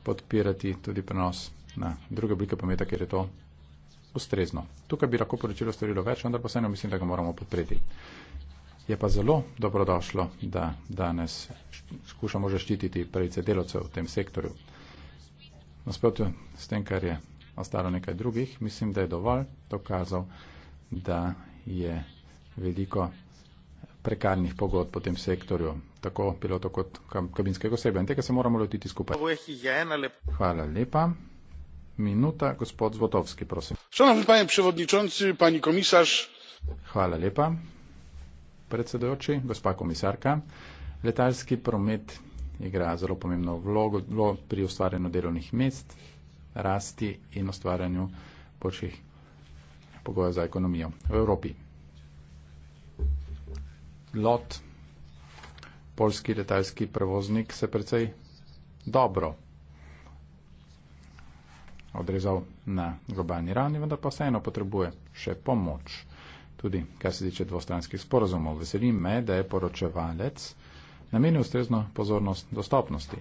podpirati tudi prenos na druge oblike pometa, ker je to ustrezno. Tukaj bi lahko poročilo storilo več, vendar pa vseeno mislim, da ga moramo podpreti. Je pa zelo dobrodošlo, da danes skušamo zaščititi pravice delovcev v tem sektorju. Nasprotno s tem, kar je ostalo nekaj drugih, mislim, da je dovolj dokazal, da je veliko prekarnih pogodb v tem sektorju, tako piloto kot kabinskega osebja. In tega se moramo lotiti skupaj. Hvala lepa. Minuta, gospod Zvotovski, prosim. Hvala lepa predsedojoči, gospa komisarka. Letalski promet igra zelo pomembno vlogo pri ustvarjanju delovnih mest, rasti in ustvarjanju boljših pogojev za ekonomijo v Evropi. Lot, polski letalski prevoznik, se precej dobro odrezal na globalni ravni, vendar pa vseeno potrebuje še pomoč. Tudi, kar se tiče dvostranskih sporazumov, veselim me, da je poročevalec namenil ustrezno pozornost dostopnosti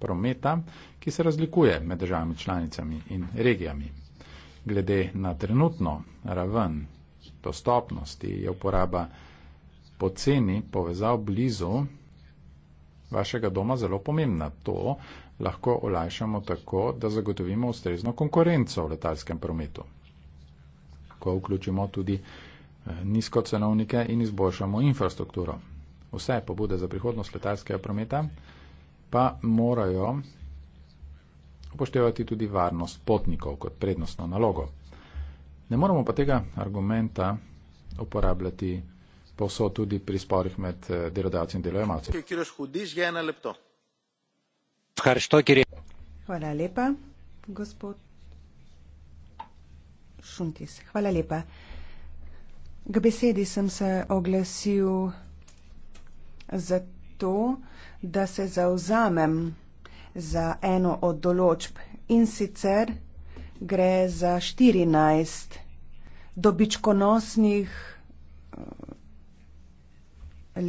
prometa, ki se razlikuje med državami članicami in regijami. Glede na trenutno raven dostopnosti je uporaba poceni povezav blizu vašega doma zelo pomembna. To lahko olajšamo tako, da zagotovimo ustrezno konkurenco v letalskem prometu lahko vključimo tudi eh, nizkocenovnike in izboljšamo infrastrukturo. Vse pobude za prihodnost letalskega prometa pa morajo upoštevati tudi varnost potnikov kot prednostno nalogo. Ne moramo pa tega argumenta uporabljati povsod tudi pri sporih med eh, delodajalci in delojemalci. Hvala lepa, gospod Šuntis. Hvala lepa. K besedi sem se oglasil zato, da se zauzamem za eno od določb in sicer gre za 14 dobičkonosnih eh,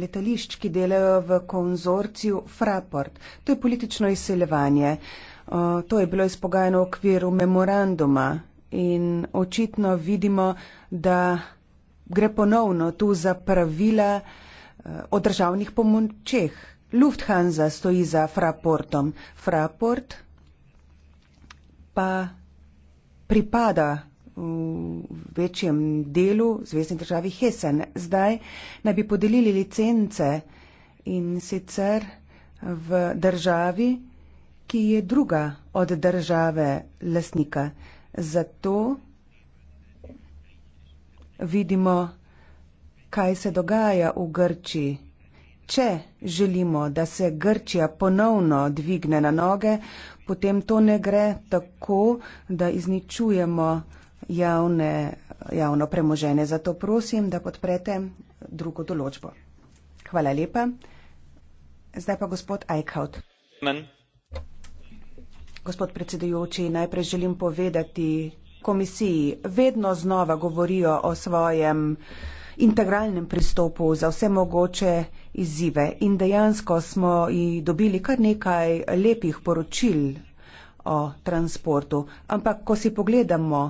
letališč, ki delajo v konzorciju Fraport. To je politično izseljevanje. Eh, to je bilo izpogajeno v okviru memoranduma. In očitno vidimo, da gre ponovno tu za pravila eh, o državnih pomočeh. Lufthansa stoji za Fraportom. Fraport pa pripada v večjem delu Zvezdni državi Hesen. Zdaj naj bi podelili licence in sicer v državi, ki je druga od države lasnika. Zato vidimo, kaj se dogaja v Grči. Če želimo, da se Grčija ponovno dvigne na noge, potem to ne gre tako, da izničujemo javne, javno premoženje. Zato prosim, da podprete drugo določbo. Hvala lepa. Zdaj pa gospod Eichhout. Amen. Gospod predsedujoči, najprej želim povedati komisiji, vedno znova govorijo o svojem integralnem pristopu za vse mogoče izzive in dejansko smo ji dobili kar nekaj lepih poročil o transportu. Ampak, ko si pogledamo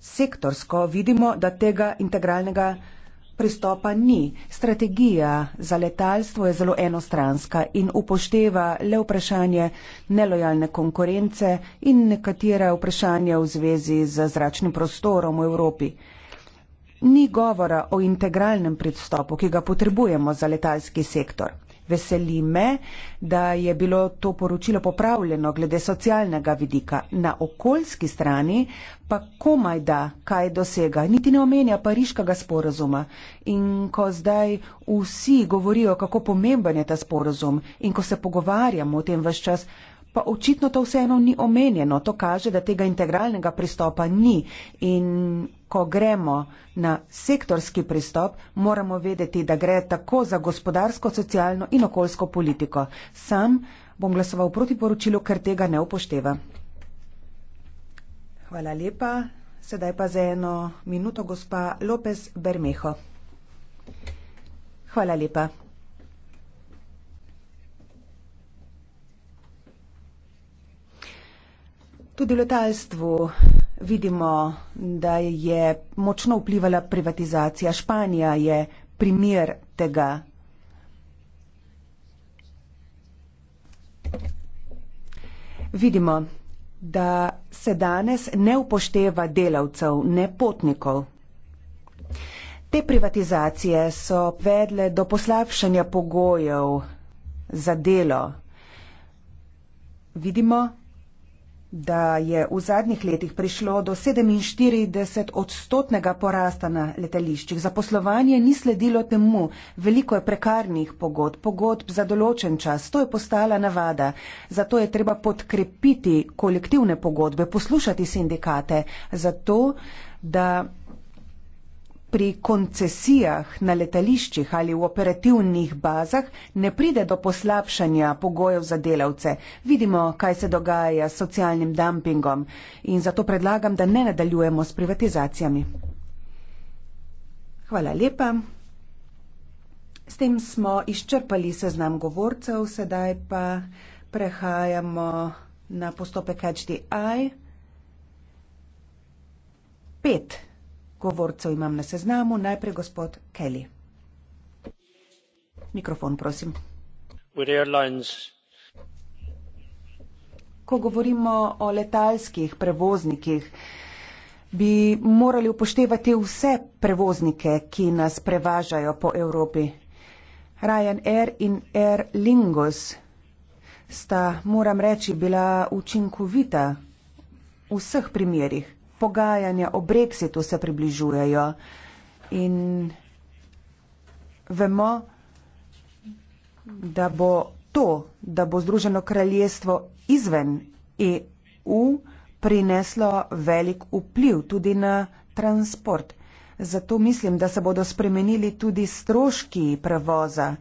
sektorsko, vidimo, da tega integralnega pristopa pristopa ni. Strategija za letalstvo je zelo enostranska in upošteva le vprašanje nelojalne konkurence in nekatera vprašanja v zvezi z zračnim prostorom v Evropi. Ni govora o integralnem pristopu, ki ga potrebujemo za letalski sektor. Veseli me, da je bilo to poročilo popravljeno glede socialnega vidika. Na okoljski strani pa komaj da kaj dosega, niti ne omenja pariškega sporozuma. In ko zdaj vsi govorijo, kako pomemben je ta sporozum in ko se pogovarjamo o tem vse čas, pa očitno to vseeno ni omenjeno. To kaže, da tega integralnega pristopa ni in ko gremo na sektorski pristop, moramo vedeti, da gre tako za gospodarsko, socialno in okoljsko politiko. Sam bom glasoval proti poročilu, ker tega ne upošteva. Hvala lepa. Sedaj pa za eno minuto gospa Lopez Bermeho. Hvala lepa. Tudi v letalstvu vidimo, da je močno vplivala privatizacija. Španija je primer tega. Vidimo, da se danes ne upošteva delavcev, ne potnikov. Te privatizacije so vedle do poslabšanja pogojev za delo. Vidimo, da je v zadnjih letih prišlo do 47 odstotnega porasta na letališčih. Zaposlovanje ni sledilo temu, veliko je prekarnih pogodb, pogodb za določen čas, to je postala navada. Zato je treba podkrepiti kolektivne pogodbe, poslušati sindikate, zato da Pri koncesijah na letališčih ali v operativnih bazah ne pride do poslabšanja pogojev za delavce. Vidimo, kaj se dogaja s socialnim dumpingom in zato predlagam, da ne nadaljujemo s privatizacijami. Hvala lepa. S tem smo izčrpali seznam govorcev, sedaj pa prehajamo na postopek HDI. Pet govorcev imam na seznamu. Najprej gospod Kelly. Mikrofon, prosim. Ko govorimo o letalskih prevoznikih, bi morali upoštevati vse prevoznike, ki nas prevažajo po Evropi. Ryanair in Air Lingus sta, moram reči, bila učinkovita v vseh primerjih pogajanja o brexitu se približujejo in vemo, da bo to, da bo Združeno kraljestvo izven EU prineslo velik vpliv tudi na transport. Zato mislim, da se bodo spremenili tudi stroški prevoza.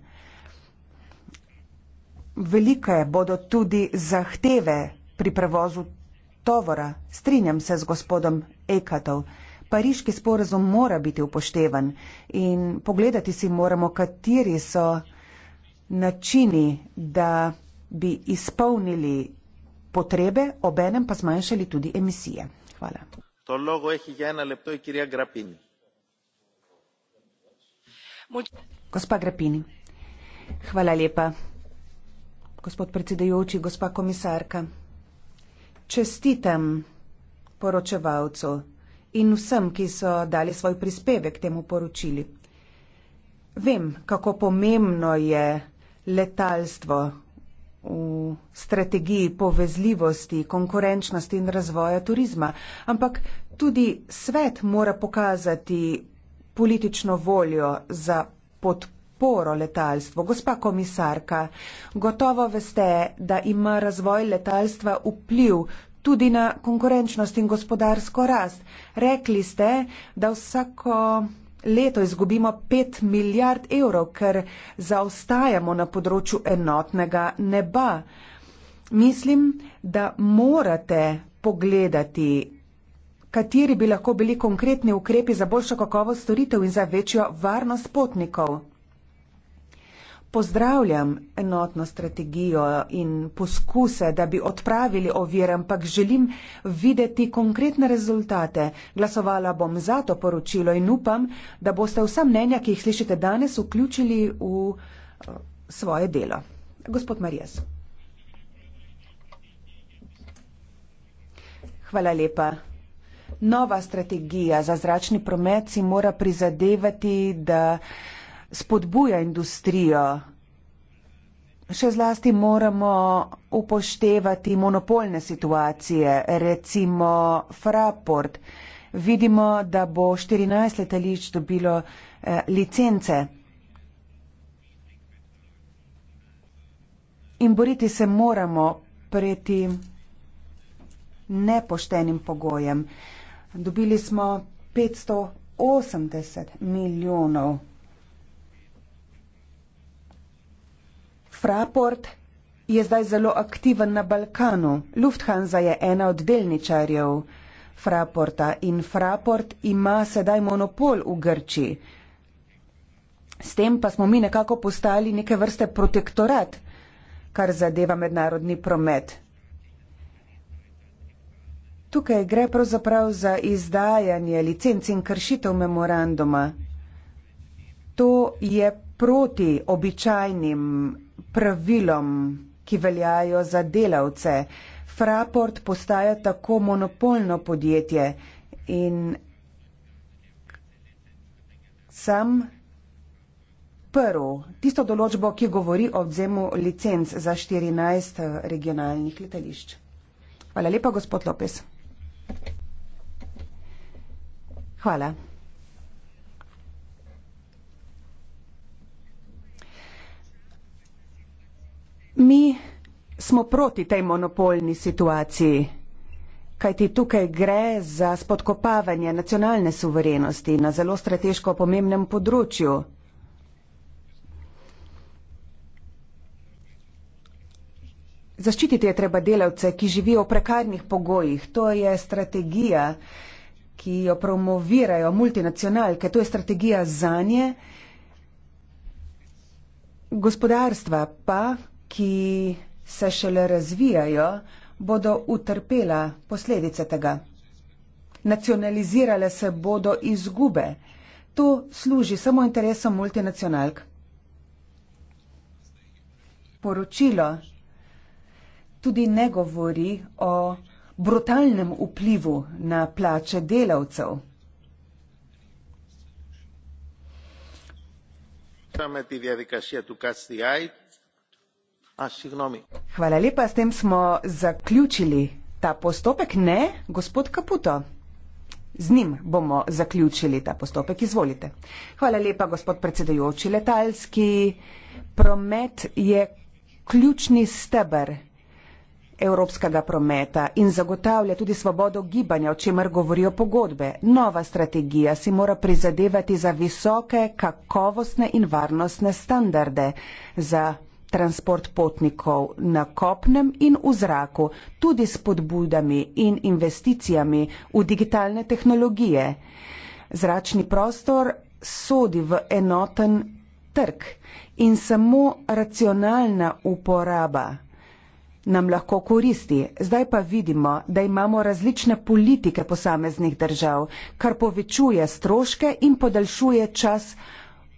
Velike bodo tudi zahteve pri prevozu tovora, strinjam se z gospodom Ekatov. Pariški sporazum mora biti upoštevan in pogledati si moramo, kateri so načini, da bi izpolnili potrebe, obenem pa zmanjšali tudi emisije. Hvala. Gospa Grapini, hvala lepa. Gospod predsedujoči, gospa komisarka čestitam poročevalcu in vsem, ki so dali svoj prispevek temu poročili. Vem, kako pomembno je letalstvo v strategiji povezljivosti, konkurenčnosti in razvoja turizma, ampak tudi svet mora pokazati politično voljo za podporo podporo letalstvu. Gospa komisarka, gotovo veste, da ima razvoj letalstva vpliv tudi na konkurenčnost in gospodarsko rast. Rekli ste, da vsako leto izgubimo 5 milijard evrov, ker zaostajamo na področju enotnega neba. Mislim, da morate pogledati, kateri bi lahko bili konkretni ukrepi za boljšo kakovost storitev in za večjo varnost potnikov. Pozdravljam enotno strategijo in poskuse, da bi odpravili ovire, ampak želim videti konkretne rezultate. Glasovala bom za to poročilo in upam, da boste vsa mnenja, ki jih slišite danes, vključili v uh, svoje delo. Gospod Marijas. Hvala lepa. Nova strategija za zračni promet si mora prizadevati, da spodbuja industrijo. Še zlasti moramo upoštevati monopolne situacije, recimo Fraport. Vidimo, da bo 14 letališč dobilo eh, licence. In boriti se moramo preti nepoštenim pogojem. Dobili smo 580 milijonov. Fraport je zdaj zelo aktiven na Balkanu. Lufthansa je ena od delničarjev Fraporta in Fraport ima sedaj monopol v Grčiji. S tem pa smo mi nekako postali neke vrste protektorat, kar zadeva mednarodni promet. Tukaj gre pravzaprav za izdajanje licenc in kršitev memoranduma. To je proti običajnim pravilom, ki veljajo za delavce. Fraport postaja tako monopolno podjetje in sam prv tisto določbo, ki govori o vzemu licenc za 14 eh, regionalnih letališč. Hvala lepa, gospod Lopes. Hvala. Mi smo proti tej monopolni situaciji. Kajti tukaj gre za spodkopavanje nacionalne suverenosti na zelo strateško pomembnem področju. Zaščititi je treba delavce, ki živijo v prekarnih pogojih. To je strategija, ki jo promovirajo multinacionalke. To je strategija zanje. Gospodarstva pa ki se šele razvijajo, bodo utrpela posledice tega. Nacionalizirale se bodo izgube. To služi samo interesom multinacionalk. Poročilo tudi ne govori o brutalnem vplivu na plače delavcev. Tramite vjerikasija tu kasti ajt. Hvala lepa, s tem smo zaključili ta postopek. Ne, gospod Kaputo. Z njim bomo zaključili ta postopek. Izvolite. Hvala lepa, gospod predsedujoči letalski. Promet je ključni stebr evropskega prometa in zagotavlja tudi svobodo gibanja, o čemer govorijo pogodbe. Nova strategija si mora prizadevati za visoke, kakovostne in varnostne standarde za transport potnikov na kopnem in v zraku, tudi s podbudami in investicijami v digitalne tehnologije. Zračni prostor sodi v enoten trg in samo racionalna uporaba nam lahko koristi. Zdaj pa vidimo, da imamo različne politike posameznih držav, kar povečuje stroške in podaljšuje čas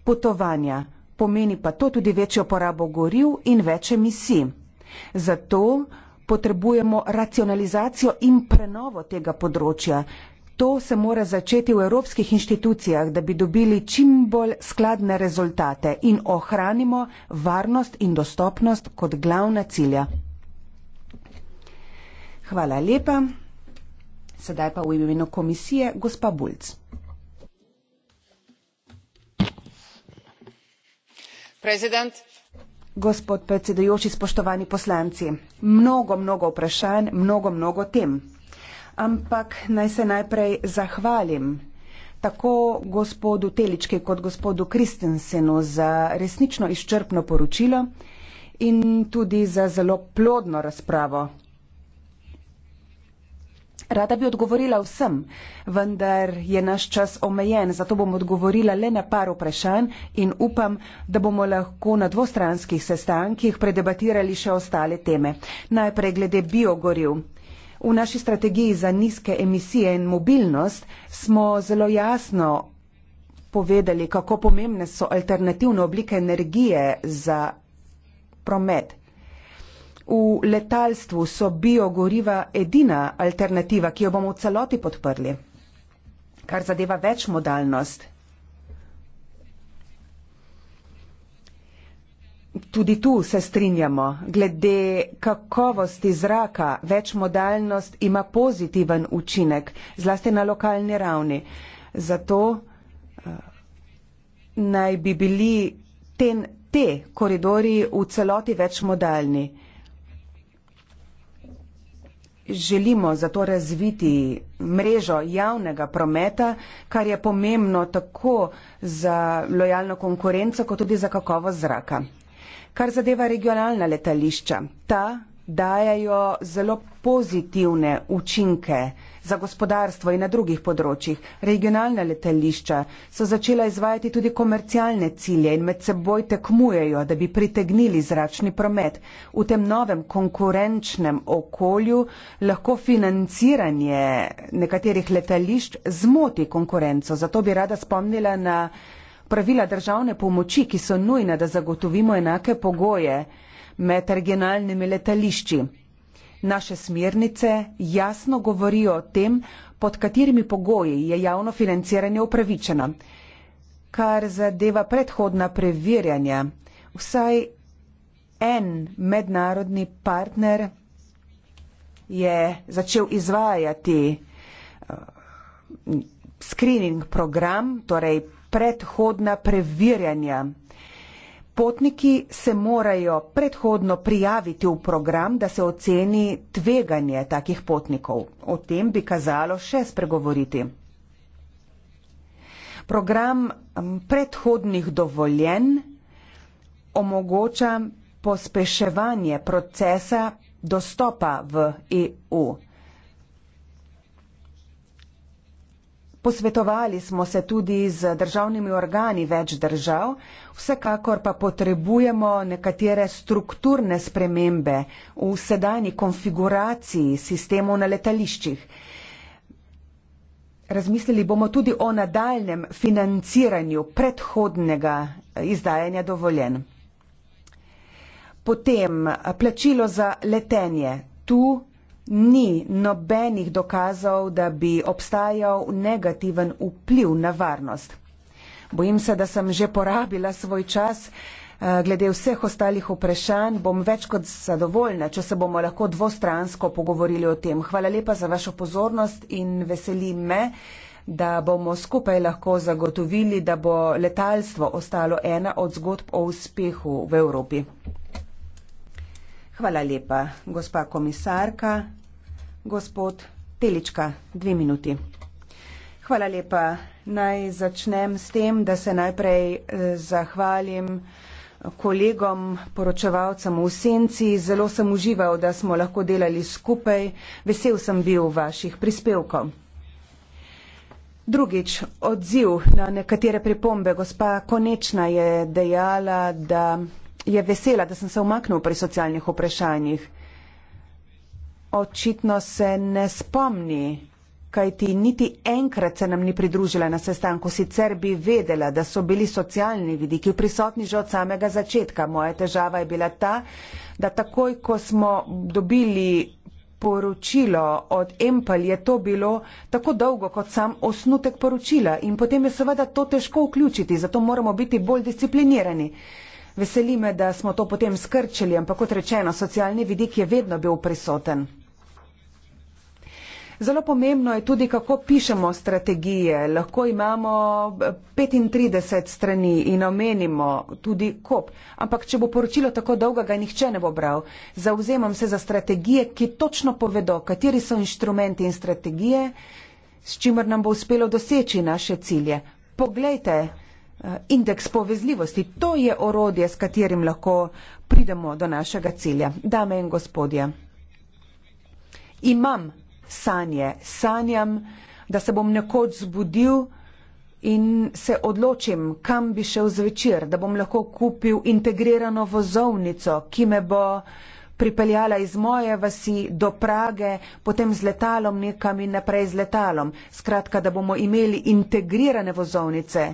potovanja pomeni pa to tudi večjo porabo goriv in več emisij. Zato potrebujemo racionalizacijo in prenovo tega področja. To se mora začeti v evropskih inštitucijah, da bi dobili čim bolj skladne rezultate in ohranimo varnost in dostopnost kot glavna cilja. Hvala lepa. Sedaj pa v imenu komisije gospa Bulc. gospod predsedujoči spoštovani poslanci mnogo mnogo vprašanj mnogo mnogo tem ampak naj se najprej zahvalim tako gospodu telički kot gospodu kristensenu za resnično izčrpno poročilo in tudi za zelo plodno razpravo Rada bi odgovorila vsem, vendar je naš čas omejen, zato bom odgovorila le na par vprašanj in upam, da bomo lahko na dvostranskih sestankih predebatirali še ostale teme. Najprej glede biogoril. V naši strategiji za nizke emisije in mobilnost smo zelo jasno povedali, kako pomembne so alternativne oblike energije za promet. V letalstvu so biogoriva edina alternativa, ki jo bomo v celoti podprli, kar zadeva večmodalnost. Tudi tu se strinjamo, glede kakovosti zraka večmodalnost ima pozitiven učinek, zlasti na lokalni ravni. Zato eh, naj bi bili ten, te koridori v celoti večmodalni želimo zato razviti mrežo javnega prometa, kar je pomembno tako za lojalno konkurenco, kot tudi za kakovost zraka. Kar zadeva regionalna letališča, ta dajajo zelo pozitivne učinke Za gospodarstvo in na drugih področjih regionalna letališča so začela izvajati tudi komercialne cilje in med seboj tekmujejo, da bi pritegnili zračni promet. V tem novem konkurenčnem okolju lahko financiranje nekaterih letališč zmoti konkurenco. Zato bi rada spomnila na pravila državne pomoči, ki so nujna, da zagotovimo enake pogoje med regionalnimi letališči. Naše smernice jasno govorijo o tem, pod katerimi pogoji je javno financiranje upravičeno. Kar zadeva predhodna preverjanja, vsaj en mednarodni partner je začel izvajati eh, screening program, torej predhodna preverjanja. Potniki se morajo predhodno prijaviti v program, da se oceni tveganje takih potnikov. O tem bi kazalo še spregovoriti. Program predhodnih dovoljen omogoča pospeševanje procesa dostopa v EU. Posvetovali smo se tudi z državnimi organi več držav, vsekakor pa potrebujemo nekatere strukturne spremembe v sedajni konfiguraciji sistemov na letališčih. Razmislili bomo tudi o nadaljnem financiranju predhodnega izdajanja dovoljen. Potem plačilo za letenje. Tu ni nobenih dokazov, da bi obstajal negativen vpliv na varnost. Bojim se, da sem že porabila svoj čas. Eh, glede vseh ostalih vprašanj bom več kot zadovoljna, če se bomo lahko dvostransko pogovorili o tem. Hvala lepa za vašo pozornost in veseli me, da bomo skupaj lahko zagotovili, da bo letalstvo ostalo ena od zgodb o uspehu v Evropi. Hvala lepa, gospa komisarka. Gospod Telička, dve minuti. Hvala lepa. Naj začnem s tem, da se najprej eh, zahvalim kolegom, poročevalcem v senci. Zelo sem užival, da smo lahko delali skupaj. Vesel sem bil vaših prispevkov. Drugič, odziv na nekatere pripombe. Gospa Konečna je dejala, da je vesela, da sem se umaknil pri socialnih vprašanjih očitno se ne spomni, kaj ti niti enkrat se nam ni pridružila na sestanku, sicer bi vedela, da so bili socialni vidiki prisotni že od samega začetka. Moja težava je bila ta, da takoj, ko smo dobili poročilo od Empel, je to bilo tako dolgo kot sam osnutek poročila in potem je seveda to težko vključiti, zato moramo biti bolj disciplinirani. Veseli me, da smo to potem skrčili, ampak kot rečeno, socialni vidik je vedno bil prisoten. Zelo pomembno je tudi, kako pišemo strategije. Lahko imamo 35 strani in omenimo tudi kop. Ampak, če bo poročilo tako dolgo, ga nihče ne bo bral. Zauzemam se za strategije, ki točno povedo, kateri so inštrumenti in strategije, s čimer nam bo uspelo doseči naše cilje. Poglejte, eh, indeks povezljivosti, to je orodje, s katerim lahko pridemo do našega cilja. Dame in gospodje, imam sanje. Sanjam, da se bom nekoč zbudil in se odločim, kam bi šel zvečer, da bom lahko kupil integrirano vozovnico, ki me bo pripeljala iz moje vasi do Prage, potem z letalom nekam in naprej z letalom. Skratka, da bomo imeli integrirane vozovnice,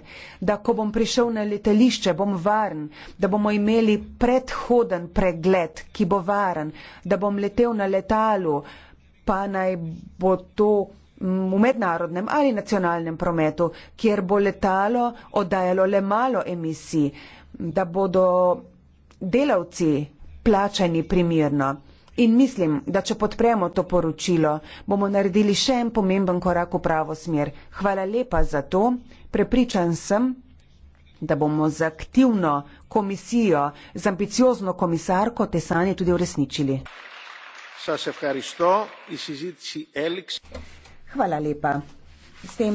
da ko bom prišel na letališče, bom varen, da bomo imeli predhoden pregled, ki bo varen, da bom letel na letalu pa naj bo to v mednarodnem ali nacionalnem prometu, kjer bo letalo oddajalo le malo emisij, da bodo delavci plačani primirno. In mislim, da če podpremo to poročilo, bomo naredili še en pomemben korak v pravo smer. Hvala lepa za to. Prepričan sem, da bomo z aktivno komisijo, z ambiciozno komisarko te sanje tudi uresničili s tem zaključujem to točko dnevnega reda in končujem to sejo.